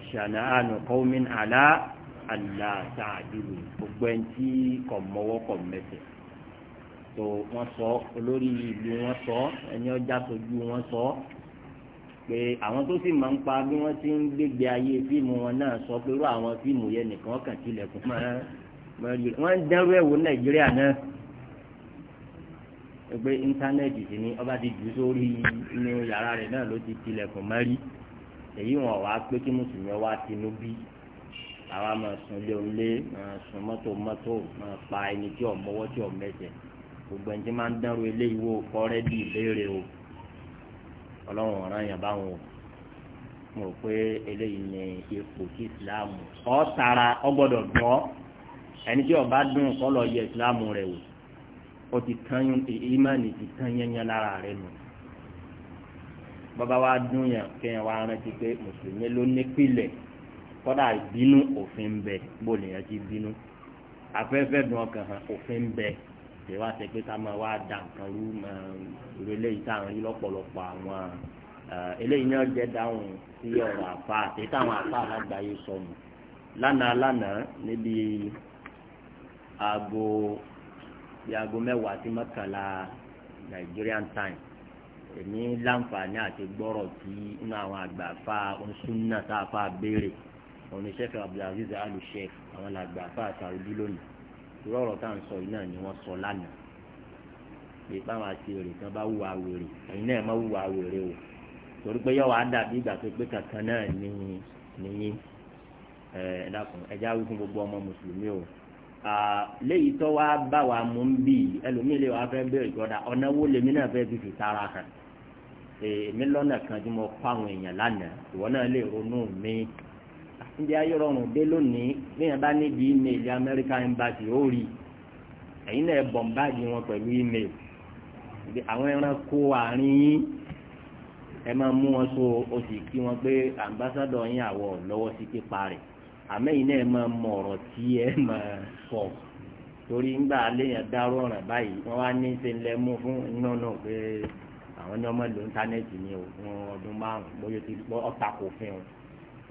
ṣànà àánú kọ́mín àlá àlá tààdìlù gbogbo ẹni tí kò mọ́wọ́ kò mẹ́sẹ̀ẹ́ tó wọ́n sọ olórí ìlú wọ́n sọ ẹni ọjà sojú wọ́n sọ pé àwọn tó sì máa ń pa bí wọ́n ti ń gbégbé ayé fíìmù wọn náà sọ pé irú àwọn fíìmù yẹn nìkan kàn tilẹ̀kùn wọ́n ń dẹ́rù ẹ̀wò nàìjíríà náà pé íńtánẹ́ẹ̀tì sì ni ọba ti jù sórí inú yàrá rẹ̀ náà ló ti tilẹ̀kùn mọ́rí èyí wọn wàá pé kí mùsùlùmí wá tinú bí àwa máa sun ilé onílé máa sun mọ́tò mọ́tò máa pa ẹni tí ò mọ́wọ́ tí ò mẹ́sẹ̀ gbogbo ẹni tí máa ń dánrò eléyìí wo kọ́rẹ́ bí ìbéèrè o ọlọ́run ọ̀ràn yẹn báwọn o mo rò pé eléyìí ni ipò tí ìsìláàmù ọ̀ tara ọ gbọ́dọ̀ gbọ́ ẹni tí ọba dùn kọ́ lọ yẹ ìsìláàmù rẹ wò ó ti tán ìmánì ti tán yẹnyẹn lára rẹ nù bàbá wa dùn yẹn kéèyàn wá rántí pé mùsùlùmí ló nípìlẹ̀ kọ́dà ìbínú òfin bẹ bó lèèyàn ti bínú afẹ́fẹ́ dùn ọkàn hàn òfin bẹ kì ṣe pé ká máa wá da nǹkan rú máa eléyìí tá à ń rí lọ́pọ̀lọpọ̀ àwọn eléyìí náà jẹ́ dáhùn sí ọ̀rọ̀ àfa àti táwọn àfa alágbàáyé sọnù lánàá lánàá níbi aago bíi aago mẹ́wàá sí mọ́kànlá Nigerian time èmi láǹfààní àti gbọ́rọ̀ tí inú àwọn àgbààfà oṣùnà tá a fà béèrè oníṣẹ́fẹ̀ Abdulaziz alu sheikh àwọn àgbààfà Saudi lónìí irú ọ̀rọ̀ tá à ń sọ yìí náà ni wọ́n sọ lánàá pé báwọn àti èrè kan bá wùwà wèrè ẹ̀yin náà má wùwà wèrè o torí pé yọ̀ wá dàbí ìgbà tó pé kankan náà ní níyìn ẹ̀ dákun ẹ̀já wí fún gbogbo ọmọ mùsùlùmí o léyìí tó wá bá wa mú ń bì í ẹlòmíì lè wá fẹ́ bèrè gbọ́dá ọ̀nà wo lèmi náà fẹ́ fi fi tara hàn èmi lọ́nà kan tí mo kọ́ àwọn èèyàn lánàá ìwọ náà lè ronú mi níbi ayé rọrùn dé lónìí léèyàn bá níbi email American embassy ó rí ẹ̀yin náà bọ̀m̀báàdì wọn pẹ̀lú email àwọn ẹranko àárín yín ẹ máa mú wọn so o sì kí wọn pé ambassadọ̀ yín àwọ̀ lọ́wọ́ sí pípa rẹ̀ àmẹ́yìn náà máa mọ ọ̀rọ̀ tí ẹ máa sọ torí ńgbà léèyàn dárò ọ̀ràn báyìí wọ́n wá ní ṣe ń lẹ mú fún iná náà pé àwọn ní ọmọ ìlú íńtánẹ́ẹ̀tì ni o fún ọdún márùn-ún bóyá ti gbọ́ ọ̀tàkùn fún un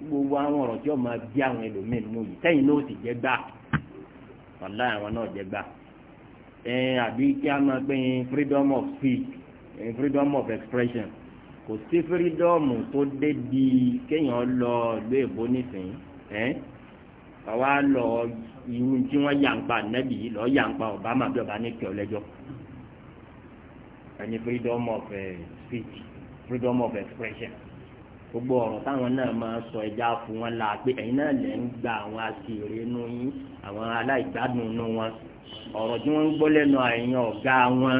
gbogbo àwọn ọ̀rọ̀ tí ó máa bí àwọn ẹlòmíín nù yìí sẹ́yìn ló sì jẹ́ gbà wàlá àwọn náà jẹ́ gbà ẹ àbí kí a máa gbé freedom of speech freedom of expression kò sí freedom tó dé di kéèyàn lọ ìlú èbó nísìnyí ẹ àwa lọ irun tí wọ́n yà ń pa nẹ́bí yìí lọ́ọ́ yà ń pa Obama bí Obama ní kí ọ lẹ́jọ́ ẹni freedom of uh, speech freedom of expression. gbogbo ọ̀rọ̀ táwọn náà máa sọ ẹja fún wọn la pé ẹ̀yin náà lè ń gba àwọn àṣìírí inú yín àwọn aláìgbádùn inú wọn ọ̀rọ̀ tí wọ́n ń gbọ́ lẹ́nu àìyàn ọ̀gá wọn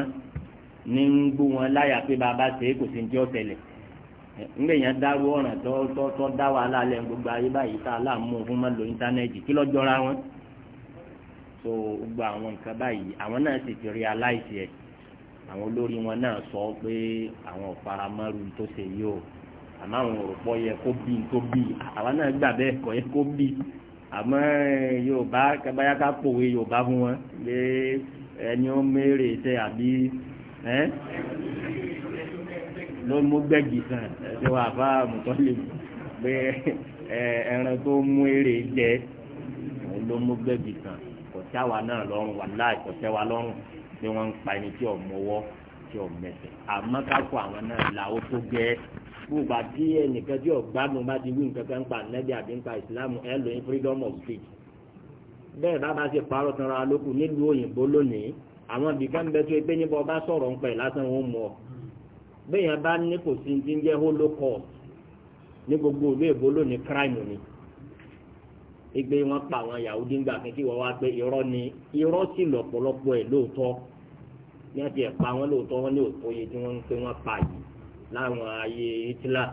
ní ń wọn láyà pé bàbá ṣe kò sí ti ọ̀tẹ̀lẹ̀ yẹn ọ̀ràn tó dá wàhálà ayé báyìí tá a láàmú fún mọ́ lo íńtánẹ́ẹ̀tì kí wọn gbogbo àwọn nǹkan báyìí àwọn náà sì ti àwọn olórí wọn náà sọ pé àwọn ò àmọ́ àwọn òrùpọ̀ yẹ kó bí tó bí àwọn náà gbà bẹ́ẹ̀ kọ́ yẹ kó bí àmọ́ eh, yorùbá kábáyá ká pòwe yorùbá fún wọn lé ẹni ó mérè tẹ àbí ẹ ló mú gbẹ̀gì sàn ẹsẹ̀ wà fà mùtọ́lẹ̀ pé eh, ẹran tó mú èrè jẹ ló mú gbẹ̀gì sàn kò sáwà náà lọ́rùn wà láì kò sẹ́wà lọ́rùn pé wọ́n ń pa ẹni tí ò mọ́wọ́ tí ò mẹsẹ̀ àmọ́ ká kó àwọn náà là ó tó gẹ́ẹ́ gbogbo àti ẹnìkan tí ọ̀gbádùn bá ti wí nǹkan kan pa nẹ́bí àbí nípa ìsìlámù ẹ lóyún freedom of speech bẹ́ẹ̀ bàbá ṣe parọ́ tanra lókù nílùú òyìnbó lónìí àwọn ibìkan bẹ tó pé nípa ọba sọ̀rọ̀ ń pẹ̀ lásán wọn mọ̀ bẹ́ẹ̀yàn bá ní kò sí ti ń jẹ́ holocaust ní gbogbo ìlú èbó lónìí crime ni igbe wọn pa àwọn yahudi ńgbà kí wọ́n wá pé irọ́ ni irọ́ sì lọ́pọ̀lọpọ̀ ẹ̀ lóòótọ́ ní àti ẹ̀ pa wọn lóòótọ́ wọn ní òtó láwọn ayé Hitler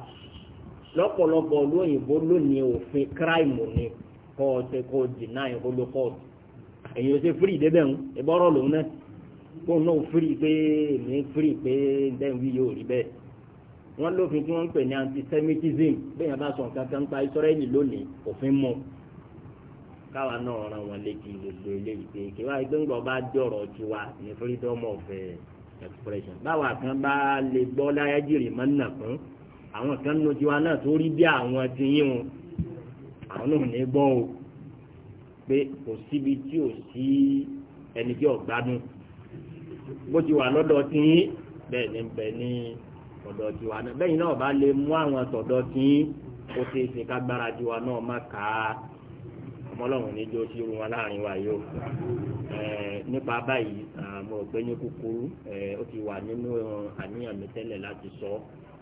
lọ́pọ̀lọpọ̀ lóyìnbó lónìí òfin kíráìmù ni kọ́ ọ ṣe kó deny holocaust èyí ò ṣe free débẹ̀ ń ìbọ̀rọ̀ lòun náà kó náà free pé èmi free pé dẹ́n wí yóò rí bẹ́ẹ̀ wọ́n lófin tí wọ́n ń pè ní antisemitism bẹ́ẹ̀ yẹn bá sọ nǹkan kan pa Israẹli lónìí òfin mọ́ káwa náà ran wọn létí gbogbo eléyìí pé kí wáá gbẹ́ngbọ̀n bá dọ̀rọ̀ tiwa ní freedom of. Eh, expression báwa kan bá lè gbọ́ láyé jìrì mọ́ nà fún àwọn kan nínú tiwa náà tó rí bí àwọn ti yín o àwọn náà ní gbọ́ o pé kò síbi tí ò sí ẹni tí ò gbádùn bó ti wà lọ́dọ̀ tí bẹ́ẹ̀ ni bẹ́ẹ̀ ni ọ̀dọ̀ tiwa náà bẹ́ẹ̀ náà bá lè mú àwọn tọ̀dọ̀ tí ó ti ṣe kágbára tiwa náà má kàá. ọlọ́run ní jó sírun wọn láàrin wa yìí o nípa báyìí mo rò pé ní kúkúrú ó ti wà nínú àníyàn mi tẹ́lẹ̀ láti sọ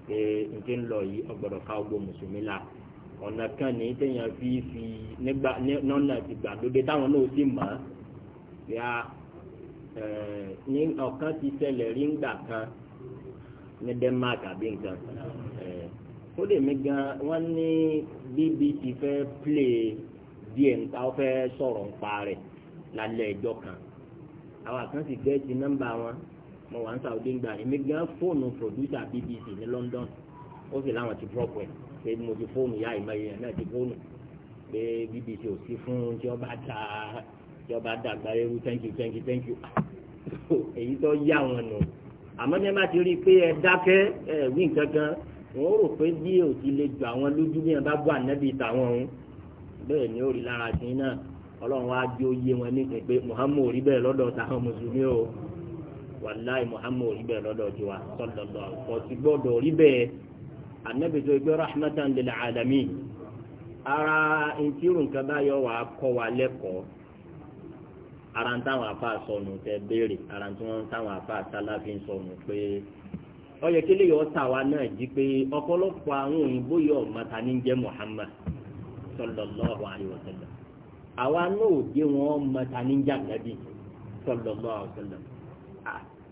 pé n ti ń lọ yìí ọgbọ̀dọ̀ ká ogbó mùsùlùmí la ọ̀nà kan ní téèyàn nọ́nà ti táwọn náà sì mọ̀ díẹ̀ nípa ó fẹ́ sọ̀rọ̀ nípa rẹ̀ lálẹ́ ẹjọ́ kan àwọn àkáǹtì gẹ́ẹ̀tì nọ́mbà wọn mo wà ní Saudi gbà èmi gan fóònù producer BBC ní London ó sì láwọn ti drop ẹ̀ pé mo ti fóònù yá ìmọ̀ yẹn náà ti fóònù pé BBC ò sí fún tí ó bá ta tí ó bá dàgbà ewu thank you thank you thank you èyí tó yá wọn nù àmọ́ ní ẹ má ti rí i pé ẹ dákẹ́ ẹ wí nǹkan kan wọ́n rò pé bí òsì lè jù àwọn lójú bí wọn bá bọ́ ànábì tàwọn ọ̀hún. bẹ́ẹ̀ ni ó rí lára sí náà ọlọ́run wá yé wọn nípa pé muhammed rí bẹ́ẹ̀ lọ́dọ̀ táwọn mùsùlùmí o wàláì muhammed rí bẹ́ẹ̀ lọ́dọ̀ tiwa sọ́dọ̀dọ̀ kò ara nǹkan báyọ̀ wà á kọ́ wa ara ń táwọn afa sọnù tẹ béèrè ara ń táwọn afa sọnù pé yẹ kí lè yọ ọ́ tàwa náà jí pé ọ̀pọ̀lọpọ̀ àwọn òyìnbó yọ sallallahu alaihi wasallam àwa náà dé wọn mọta níjà nàbí sallallahu alaihi wasallam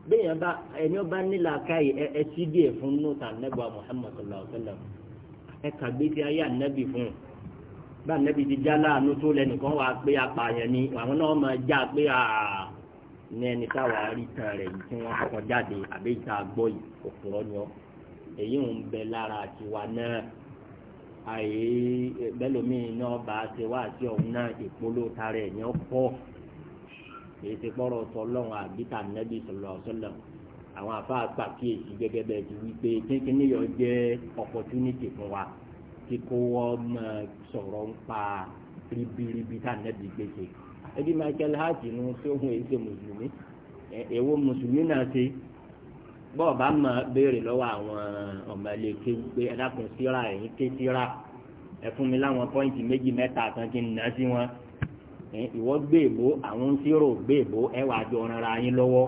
bẹ́ẹ̀ bá ẹni ọba nílà káyì ẹ ti díẹ̀ fún nùtà nẹ́bà Muhammad sallallahu alaihi wasallam ẹ kàgbéṣe ayé ànábì fún un bá ànábì ti já láàánú tó lẹnìkan wàá pé apààyàn ni àwọn náà máa já pé àà ní ẹni táwa rí tan rẹ̀ yìí tí wọ́n kọ́ àbí ìta gbọ́ yìí òpùrọ́ ni ọ́ èyí ń bẹ lára tiwa náà àyè bẹ́lòmíì náà bá a ṣe wá àti ọ̀hún náà ìpolówó tarẹ̀ ẹ̀ ní ọ̀pọ̀ èyí ti kpọ́rọ̀ sọ lọ́wọ́ àbíta nẹ́bí sọlọ sọlọ àwọn afa pàkíyèsí gẹ́gẹ́ bẹ́ẹ̀ ti wí pé kékeré yọ jẹ́ opportunity fún wa kí kó wọ́n mọ sọ̀rọ̀ ń pa ribiribi tá nẹ́bí gbèsè ẹbí Michael hart nu tó èyí ṣe mùsùlùmí ẹ̀wọ́ mùsùlùmí náà ṣe bọ́ọ̀ bá ma béèrè lọ́wọ́ àwọn ọmọ ilé ké pé ẹ dákun síra ẹ̀yìn ké síra ẹ fún mi láwọn pọ́ìntì méjì mẹ́ta kan kí n nà sí wọn ìwọ gbèbó àwọn sírò gbèbó ẹ wàá jọ rara yín lọ́wọ́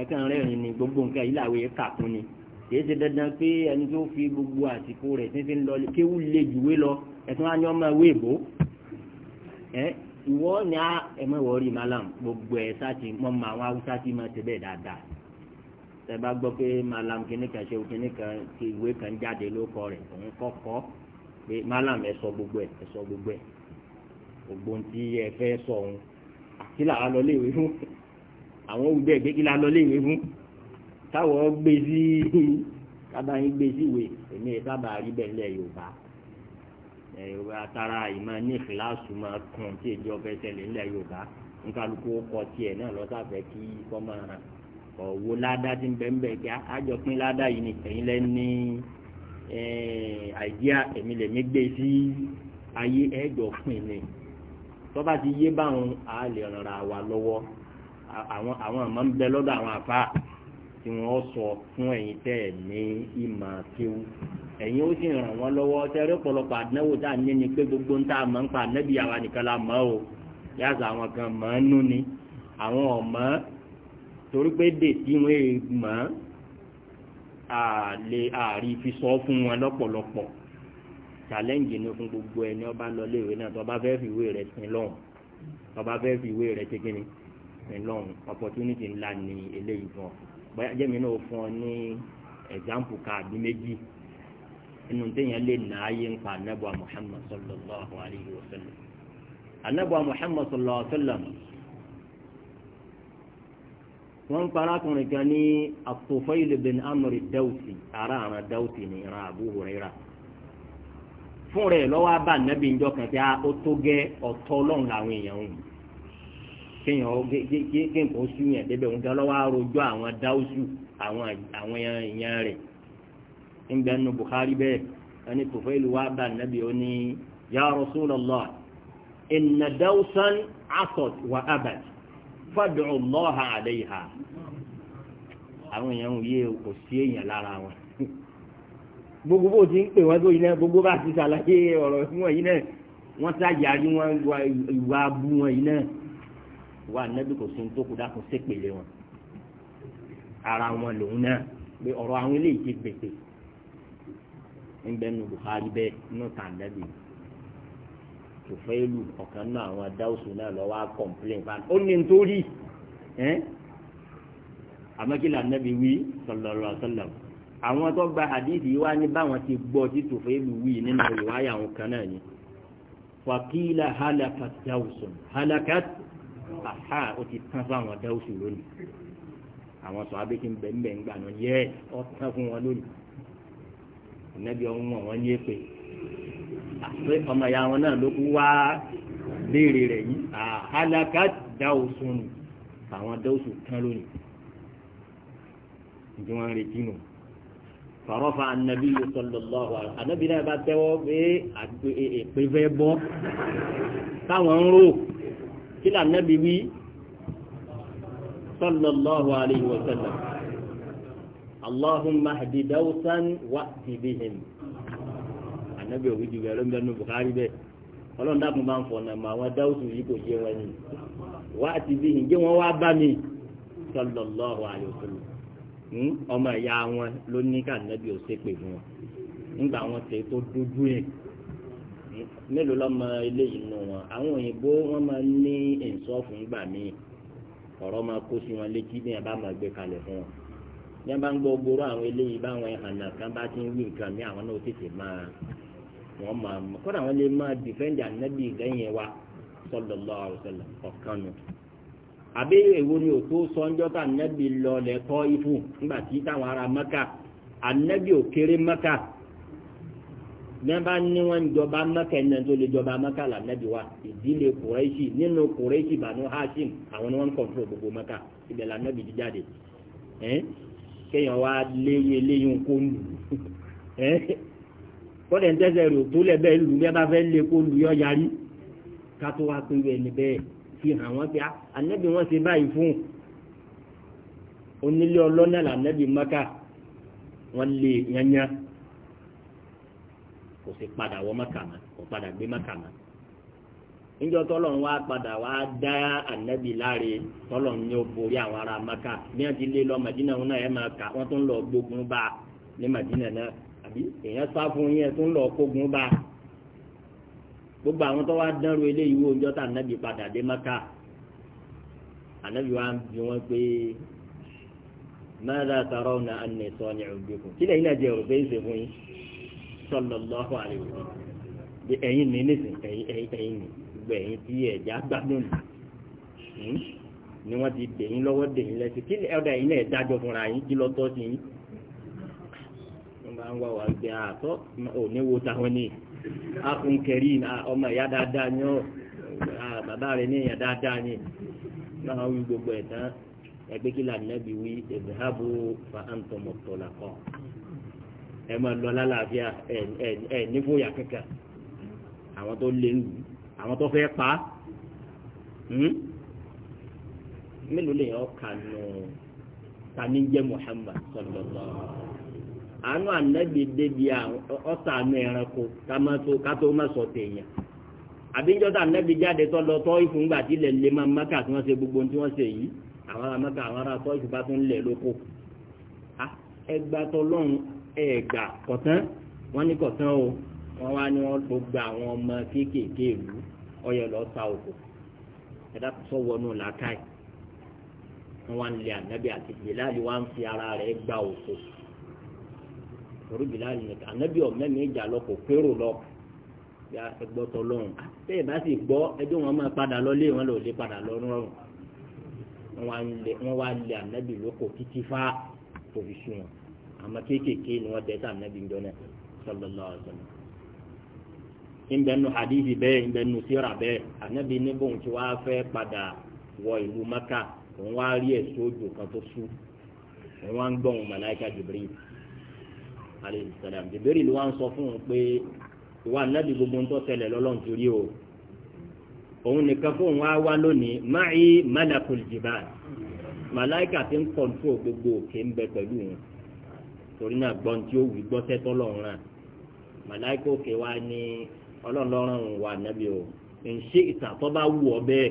ẹ kàn rẹ́rìn ní gbogbo nǹkan yìí làwọn èèyàn kà fún ni kì í ṣe dandan pé ẹni tó fi gbogbo àsìkò rẹ̀ tí fi ń lọ kéwù lè jùwé lọ ẹ̀tún á ní ọmọ ìwé ìbò ìwọ ni ẹ mọ̀ wọ́ọ́rì malam gbogbo ẹ̀ sáà ti mọ̀ mọ̀ àwọn haúsá ti mọ̀ ṣe dáadáa tẹ bá gbọ́ pé malam kìnnì kan ṣe kìnnì kan ti ìwé kan jáde lóko rẹ̀ òun kọ́kọ́ pé malam ẹ sọ gbogbo ẹ ẹ sọ gbogbo ẹ gbogbo ti ẹ fẹ́ sọ òun kí làwọn lọ léèwé fún àwọn òun bẹ́ẹ̀ gbé kí làwọn lọ léèwé fún táwọn gbé sí sábà yín gbé sí ìwé èmi ẹ sábà rí bẹ́ẹ̀ lẹ́ Yorùbá Yorùbá tara ìmọ̀ ní kíláàsù máa kàn tí èdè ọ̀fẹ́ ṣẹlẹ̀ ńlẹ̀ Yorùbá nǹkan àlùkò kọ tiẹ̀ náà lọ́sàfẹ́ kí kọ́ máa hàn ọ̀wọ́ ládá ti ń bẹ̀ ń bẹ̀ kí ájọ pín ládá yìí ni ẹ̀yin lẹ́ ní àìdíà èmi lèmi gbé sí ayé ẹ̀jọ̀ pín ni tọ́ba ti yé báwọn a lè ràn ra wa lọ́wọ́ àwọn àmọ́ ń bẹ lọ́dọ̀ àwọn àfa tí wọ́n sọ fún ẹ̀yin tẹ́ ẹ̀ ní ìmọ̀ kéwú ẹ̀yin ó sì ràn wọ́n lọ́wọ́ tẹ́rẹ́ pọ̀lọpọ̀ àdánwò tá a ní ni pé gbogbo ń tá a mọ̀ ń pa ànábìyàwó nìkan la mọ̀ o yàtọ̀ àwọn kan mọ̀ ń nú ni àwọn ọ̀mọ́ torí pé dè tí wọ́n è mọ̀ àlè àrí fi sọ fún wọn lọ́pọ̀lọpọ̀ challenge ni fún gbogbo ẹni ọba lọ léèwé náà tọba fẹ́ fi ìwé rẹ̀ sin lọ́hùn tọba fẹ́ fi ìwé rẹ̀ ṣe sin lọ́hùn opportunity ńlá ni eléyìí fún ọ bóyá jẹ́mi náà fún ọ ní example káàdì méjì inú téèyàn lè nàáyé ń pa anábọ̀ Muhammad sallallahu alayhi wa sallam anábọ̀ Muhammad sallallahu alayhi wa sallam wọ́n ń pa arákùnrin kan ní At-Tufayl bin Amr Ad-Dawsi ara àwọn Dawsi ní ìran Abu Huraira fún rẹ̀ lọ́wọ́ abá nàbí ìjọ kan tí a ó tó gẹ́ ọ̀tọ̀ ọlọ́run làwọn èèyàn ń kéèyàn kéèyàn kò sún yàn débẹ̀ lọ́wọ́ arojọ́ àwọn Dawsu àwọn èèyàn rẹ̀ ń bẹ́ẹ̀ nu Bukhari bẹ́ẹ̀ ẹni Tufayl wá bá nàbí ó ní ya Rasulullah inna fàdùn lọ́ha àléhà àwọn èèyàn ń yé kò sí èèyàn lára wọn gbogbo bó ti ń pè wọn tó yìí náà gbogbo bá ti ṣàlàyé ọ̀rọ̀ fún wọn yìí náà wọ́n ṣàyàrí wọn ìwà abú wọn yìí náà wà nẹ́bí kò sí ní tó kù dákun sépèlé wọn ara wọn lòun náà pé ọ̀rọ̀ àwọn eléyìí ti gbèsè ń bẹ́ẹ̀ nu Buhari bẹ́ẹ̀ nù tàn lẹ́bìí tòfẹ́lù ọ̀kan náà àwọn dáwùsù náà lọ́wọ́ á kọ̀m̀plẹ̀n fa ó ní nítorí amákìlá nàbí wí sọlọlọ sọlọ àwọn tó gba àdìsí wá ní báwọn ti gbọ́ tí tòfẹ́lù wí nínú olùwáyà àwọn kan náà ni wàkìlá halakat dáwùsù halakat àhá ó ti tán fáwọn dáwùsù lónìí àwọn sọ abẹ́kí ń bẹ̀ ń bẹ̀ ń gbà náà yẹ ọ́ tán fún wọn lónìí ìnàbí ọ̀hún pé ọmọ ìyá wọn náà ló kú wá béèrè rẹ̀ yìí àhálàkà dáòsùn nù àwọn dáòsùn kan lónìí ìdí wọn retí nù fàrọ́fà anabi yìí sallallahu alaihi anabi náà bá tẹ́wọ́ pé èpè fẹ́ bọ́ táwọn ń rò kí là anabi wí sallallahu alaihi wa allahumma hadi dawsan wa tibihim ànábì òwú ju bẹ́ẹ̀ ló ń bẹ́ẹ̀ nù Bukhari bẹ́ẹ̀ ọlọ́run dákun bá ń fọ̀nà mọ́ àwọn dáwùsù yìí kò ṣe wọn ni wá ti bí ǹjẹ́ wọ́n wá bá mi sallallahu alaihi wasallam hmm? ọmọ ìyá wọn ló ní ká ànábì ò ṣépè fún wọn nígbà wọn ṣe tó dójú ẹ̀ mélòó lọ́mọ eléyìí nù wọn àwọn òyìnbó wọn máa ń ní ìǹsọ́ọ̀fù ńgbà míì ọ̀rọ̀ máa kó sí wọn létí bí wọn bá máa gbé kalẹ̀ fún wọn yẹn bá ń gbọ́ gbòòrò àwọn eléyìí báwọn ẹ̀hànà kan bá ti ń wí nǹkan ní àwọn náà ó tètè máa wọ́n máa mọ̀ kọ́dà wọ́n lè máa dìfẹ́ǹdì ànábì lẹ́yìn wa sallallahu alaihi wasallam ọ̀kan nù. àbí èwo ni òtó sọ́njọ́ tá ànábì lọ lẹ́kọ́ ifù nígbà tí táwọn ará mẹ́ka ànábì ò kéré mẹ́ka mẹ́ba ní wọ́n ń jọba mẹ́ka ẹni tó lè jọba mẹ́ka lànàbì wa ìdílé kùrẹ́ṣì nínú kùrẹ́ṣì bànú hashim àwọn ni wọ́n ń kọ̀ǹtró gbogbo mẹ́ka ibẹ̀ lànàbì ti jáde kéèyàn wá léyìn léyìn kó lù kọ́lẹ̀ ń tẹ́sẹ̀ rò tó lẹ̀ bẹ́ẹ̀ lù bẹ́ẹ̀ bá fẹ́ lé kó lù yọ yarí ká tó wá pé ẹni bẹ́ẹ̀ fi hàn wọ́n pé ah, ànẹ́bí wọ́n ṣe báyìí fún onílé ọlọ́nà lànẹ́bí mọ́kà wọ́n lé e yányán kò sì padà wọ mọ́kà mọ́ kò padà gbé mọ́kà mọ́ níjọ tọ́lọ̀ ń wá padà wá dá ànẹ́bí láre tọ́lọ̀ ń yọ borí àwọn ará mọ́kà bí wọ́n ti lé lọ màdínà wọn náà ẹ̀ máa kà wọ́n tún lọ gbógun bá ní màdínà náà àbí èèyàn sá fún yín ẹ tó ń lọ kógun bá gbogbo àwọn tó wá dánrò eléyìí wo ọjọ́ tá ànábì padà dé mọ́ká ànábì wa ń bi wọn pé mẹ́ta tọrọ na àná sọ ní ọ̀gbẹ́kùn kílẹ̀ yìí náà jẹ́ òrùbẹ́ ìṣe fún yín sallallahu alaihi wasallam ẹ̀yin ní nísìn ẹ̀yin ẹ̀yin ní gbogbo ẹ̀yin tí ẹ̀já gbádùn ní hmm? ni wọ́n ti dẹ̀yìn lọ́wọ́ dẹ̀yìn lẹ́sìn kílẹ̀ ọ̀dà yìí náà dájọ́ fúnra yín kí lọ́tọ́ sí yín bá ń wá wà gbé àtọ́ òní wo táwọn ní akúnkẹrí ọmọ ìyá dáadáa ní ọ bàbá rẹ ní ìyá dáadáa ní náà wí gbogbo ẹ̀ tán ẹgbẹ́ kí lànàbí wí ìdìhábò fa àǹtọ̀mọ̀tọ̀ làkọ́ ẹ máa lọ lálàáfíà ẹ ẹ nífòyà kankan àwọn tó lé lù àwọn tó fẹ́ pa á hmm? mélòó lè yàn ọ́ kà tani jẹ́ Muhammad sallallahu àánú ànábì débi ọ̀sánú ẹranko kátó má sọ tèèyàn àbíjọ́tà ànábì jáde tó lọ tọ́ ìfúngbà tí ilẹ̀ lè máa mẹ́kà tí wọ́n ṣe gbogbo tí wọ́n ṣe yìí àwọn ará àwọn ará tọ́ ìfúnbà tó ń lẹ̀ lóko ẹgbà tọlọ́run ẹ̀gbà kọ̀tán wọ́n ní kọ̀tán o wọ́n wá ní wọ́n tó gba àwọn ọmọ kéékèèké ìlú ọyọ lọ sa òkò ẹ̀dá sọ̀wọ́nù làákàyè wọ́n wá ń lé ànábì àti ìlàlí wá ń fi ara rẹ̀ gba òkò torí bilali nìkan anabi ọmọ mi jà lọ kò pérò lọ ya ẹgbọ́ tọlọ́run ah, tẹ́ ẹ̀ bá sì gbọ́ ẹjọ́ wọn máa padà lọlé wọn lọ lè padà lọ rọrùn wọn wá lé anabi lóko títí fá kò fi sùn wọn àmọ́ kéékèèké ni wọ́n tẹ́ sí anabi ń dọ́nà sallallahu alaihi wasallam nbẹnu hadithi bẹ́ẹ̀ nbẹnu sira bẹ́ẹ̀ anabi ní bóun ti wá fẹ́ padà wọ ìlú maka òun wá rí ẹ̀sọ́ òjò kan tó sú òun wá ń gbọ́ òun màláíkà Jibril aleyhi salam bèbèrè ni wọ́n sọ fún un pé ìwà nàbì gbogbo ń tọ́tẹ̀lẹ̀ lọ́lọ́run ti rí o òun nìkan fóun wá wá lónìí máì malakul jibal màláìkà ti ń kọ̀ǹtò gbogbo òkè ń bẹ pẹ̀lú wọn torí náà gbọ́n tí ó wù gbọ́ tẹ́tọ́ lọ́rùn rà màláìkà òkè wa ní ọlọ́ọ̀lọ́rùn wà nàbì o nṣe ìtàtọ́ bá wù ọ bẹ́ẹ̀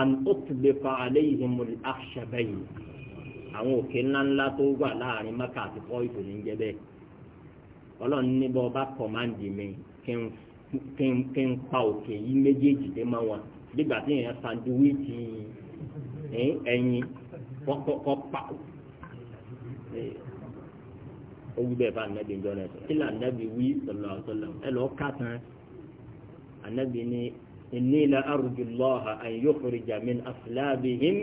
an utbiqa alayhimul akhshabayn àwọn òkè ńláńlá tó wà láàrin Mákà àti Táífù ní jẹ́ bẹ́ẹ̀ ọlọ́run ní bọ́ bá kọ̀máǹdì mi kí n pa òkè yìí méjèèjì dé mọ́ wọn nígbà tí èèyàn sandiwíìtì ẹyin kọ́kọ́ pa ó wí bẹ́ẹ̀ bá anabi ń jọ́nà ẹ̀sọ́ kílà anabi wí sọ̀lọ̀ sọ̀lọ̀ ẹ lọ́ọ́ ká tán anabi ní inni la arju allaha an yukhrija min aslabihim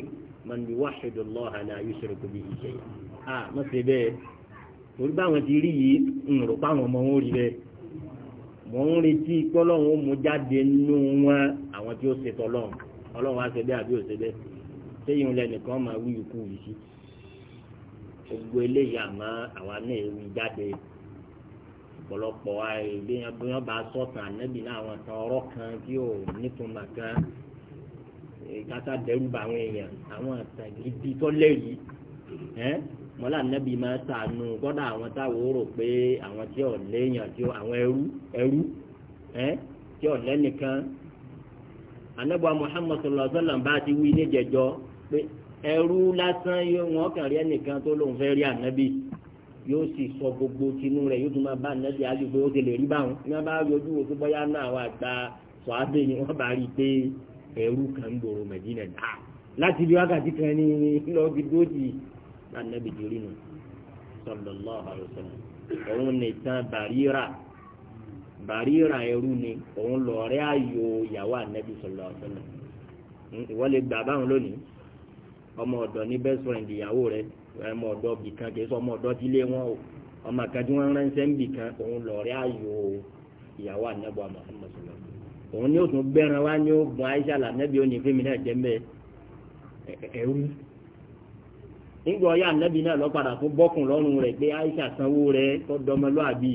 man yuwahhidu allaha la yushriku bihi shay'an ah má ṣe bẹ́ẹ̀ torí báwọn ti rí yìí ń rò páwọn ọmọ wọn rí rẹ mò ń retí pọ́lọ́hún mú jáde nínú wọn àwọn tí ó ṣe tọ́lọ́hún ọlọ́hún á ṣe bẹ́ẹ̀ àbí ò ṣe bẹ́ẹ̀ séyìn lẹ́nìkan máa wí ikú yìí sí gbogbo eléyìí àmọ́ àwa náà ewì jáde ọ̀pọ̀lọpọ̀ àìgbéyàn bá sọ̀tàn ànẹ́bí náà àwọn kan ọ̀rọ̀ kan tí ò nítumọ̀ kan kátà dẹ́rù bá àwọn èèyàn àwọn àtàgídí tọ́lẹ̀ yìí wọn là nẹ́bí máa sànù kọ́dà àwọn táwọn ó rò pé àwọn tí ò léèyàn tí àwọn ẹrú ẹrú ẹ tí ò lẹ́nìkan anabuwa muhammad sallallahu bá ti wí níjẹjọ pé ẹrú lásán wọn kàn rí ẹnìkan tó sọ gbogbo tinú rẹ yóò tún máa bá ó ti lè rí báwọn ní wọn bá yọjú wo tó bọ́yá náà àwọn àgbà sọ abẹ́ ni wọ́n bá rí i náà nẹ́bi dirí nù sallallahu alaihi wasallam òun nìkan bàríra bàríra ẹrú ni òun lọ̀rẹ́ ayò ìyàwó ànẹ́bi sallallahu alaihi wasallam ìwọ́lẹ̀ gbà báwọn lónìí ọmọ ọ̀dọ̀ ní best friend ìyàwó rẹ ọmọ ọ̀dọ̀ bì kan kì í sọ ọmọ ọ̀dọ̀ tí lé wọn o ọmọ kan tí wọ́n ránṣẹ́ ń bì kan òun lọ̀rẹ́ ayò ìyàwó ànẹ́bi Muhammad sallallahu alaihi wasallam òun ni ó tún gbẹ́ran wá ní ó gun Aisha lànẹ́bi ó ní fẹ́mi náà jẹ́ mẹ́ ẹrú. E, e, e, nígbà ọyá ànábì náà lọ padà fún bọ́kùn lọ́rùn rẹ̀ pé aisha sanwó rẹ̀ tó dọmọlúàbí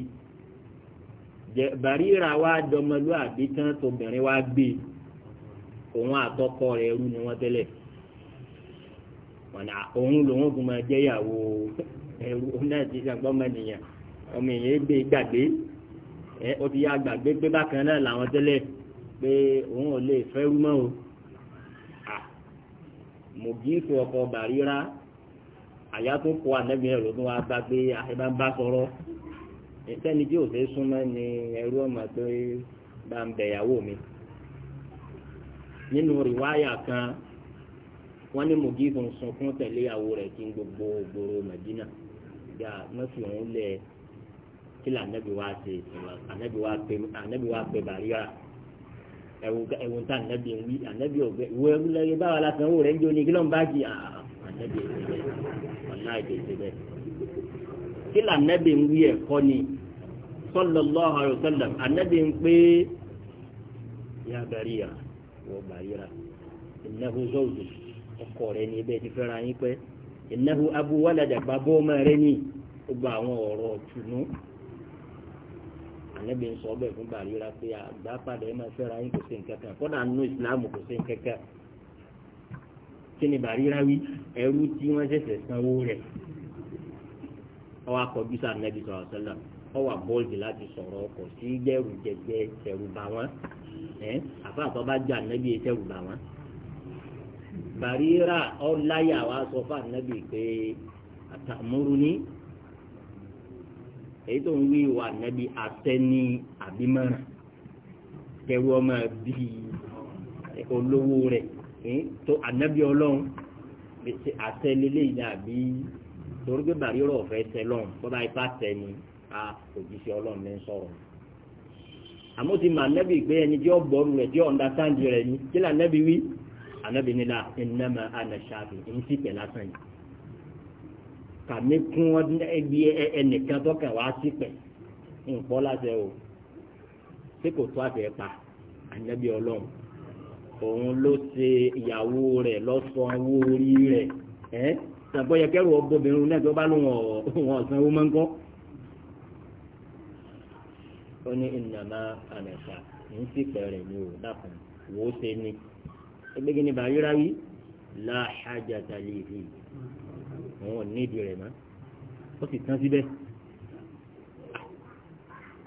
bàríra wa dọmọlúàbí tán tóbìnrin wa gbé òun àtọkọ rẹ̀ rú ni wọ́n tẹ́lẹ̀ wọnà òun lòun kò máa jẹ́ ìyàwó ẹrú òun náà ti sàgbọ́ mẹ́nìyàn ọmọ èèyàn gbé gbàgbé ẹ ó ti yá gbàgbé pé bákan náà làwọn tẹ́lẹ̀ pé òun ò lè fẹ́rú mọ́ o mògì fún ọkọ bàríra àyà tó kọ ànẹ́bí ẹ̀rọ tó wá bá gbé àyà bá sọ̀rọ̀ sẹ́ni tí òṣèré súnmọ́ ni ẹrú ọmọ tó bá ń bẹ̀ ìyàwó mi nínú rìwáyà kan wọ́n ní mògì fún sunkún tẹ̀lé ìyàwó rẹ̀ kí n gbogbo gbòòrò Mẹ̀dínà gbà mọ́sí òun lẹ̀ kí lè ànẹ́bí wá ṣe ànẹ́bí wá pè bàríyà ẹ̀wù tá ànẹ́bí ń wí ànẹ́bí ọ̀gbẹ́ ìwé ẹrú lẹ́yìn báwa lásán owó rẹ̀ ń jó ní kí ló ń bá jì àá. Ah, ànábì èsì bẹ́ẹ̀ ọ̀nà èdè bẹ́ẹ̀. kí là ànábì ń wí ni sallallahu alaihi wasallam ànábì ń pé ya bàríyà wọ bàríyà innahu zawji ọkọ rẹ ní ibẹ̀ ti fẹ́ra yín pẹ́ innahu abu walada bàbá ọmọ rẹ ní gbogbo àwọn ọ̀rọ̀ ọ̀túnú ànábì ń sọ ọbẹ̀ fún bàríyà pé àgbà padà ẹ máa fẹ́ra yín kò sí kọ́dà nínú ìsìlámù kò sí kí ni bàríra wí ẹrú tí wọ́n ṣẹ̀ṣẹ̀ sanwó rẹ̀ ọwọ́ akọjú sáà nẹ́bí sọ̀rọ̀ sọ́lá ọwọ́ bọ́ọ̀lù láti sọ̀rọ̀ ọkọ̀ sí gbẹ̀rù jẹgbẹ́ ẹ̀rù bà wọ́n ẹ̀ àfa àtọ́ bá jà nẹ́bí ẹ̀rù bà wọ́n. bàríra ọláyà wa sọ fún ànẹ́bí pé àtàmúrú ni èyí tó ń wí ìwà ànẹ́bí àtẹ́ni àbímọ̀ràn kẹrù ọmọ bíi olówó rẹ̀ tó ànábì ọlọ́run àtẹlélẹ́ yìí dàbí torí pé bàrí rọ̀ fẹ́ tẹ lọ́run bọ́dà ipá tẹ ni a òjíṣẹ́ ọlọ́run ní sọ̀rọ̀ àmọ́ ti mà ànábì gbé ẹni tí ó gbọ́rù rẹ̀ tí ó ọ̀ndàtàǹdì rẹ̀ ni kí lànàbì wí ànábì nílà innama ana shafi ń sì pẹ̀ lásán yìí kàmí kún ẹbí ẹnìkan tó kàn wá sí pẹ̀ nǹkan láti ẹ o tí kò tó àtẹ̀ pa ànábì ọlọ́run òun ló ṣe ìyàwó rẹ̀ lọ́sàn owó orí rẹ̀ ẹ́ sàgbọ́ yẹ kẹ́rù ọgbọ́bìnrin náà tó bá lóun ọ̀sán owó máa ń kọ́. ó ní ìnàmá àmẹ́fà ń sì pẹ̀rẹ̀ ní o dákun wò ó ṣe ni ẹgbẹ́ gíní bàá wí láàájà tàlẹ́ ìhì wọn ò ní ìdí rẹ̀ mọ́ ó sì tán síbẹ̀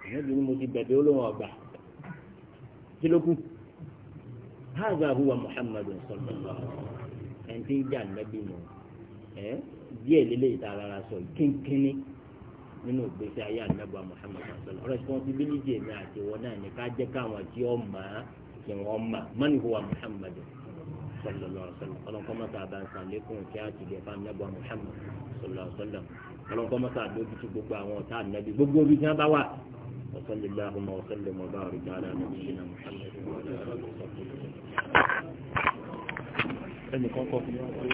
àmọ́ ìdí mo ti bẹ̀bẹ̀ ó lóun ọ̀gbà kí ló kù haza huwa muhammadu sallallahu alaihi wa sallam ẹni tí ń jà nẹ́bí nù ẹ́ díẹ̀ lélẹ̀ ìtara sọ kínkínní nínú ìgbésí ayé ànábà muhammadu sallallahu alaihi wa sallam responsibility mi àti wọn náà ni ká jẹ́ káwọn tí ó mà á kí wọ́n mà man huwa muhammadu sallallahu alaihi wa sallam ọlọ́nkọ́mọ́sá àbánsá lẹ́kùn kí á ti gẹ̀ fún ànábà muhammadu sallallahu alaihi wa sallam ọlọ́nkọ́mọ́sá àdójútì gbogbo àwọn ọ̀tá ànábì gbogbo ibi tí wà وصل اللهم وسلم وبارك على نبينا محمد وعلى آله وصحبه وسلم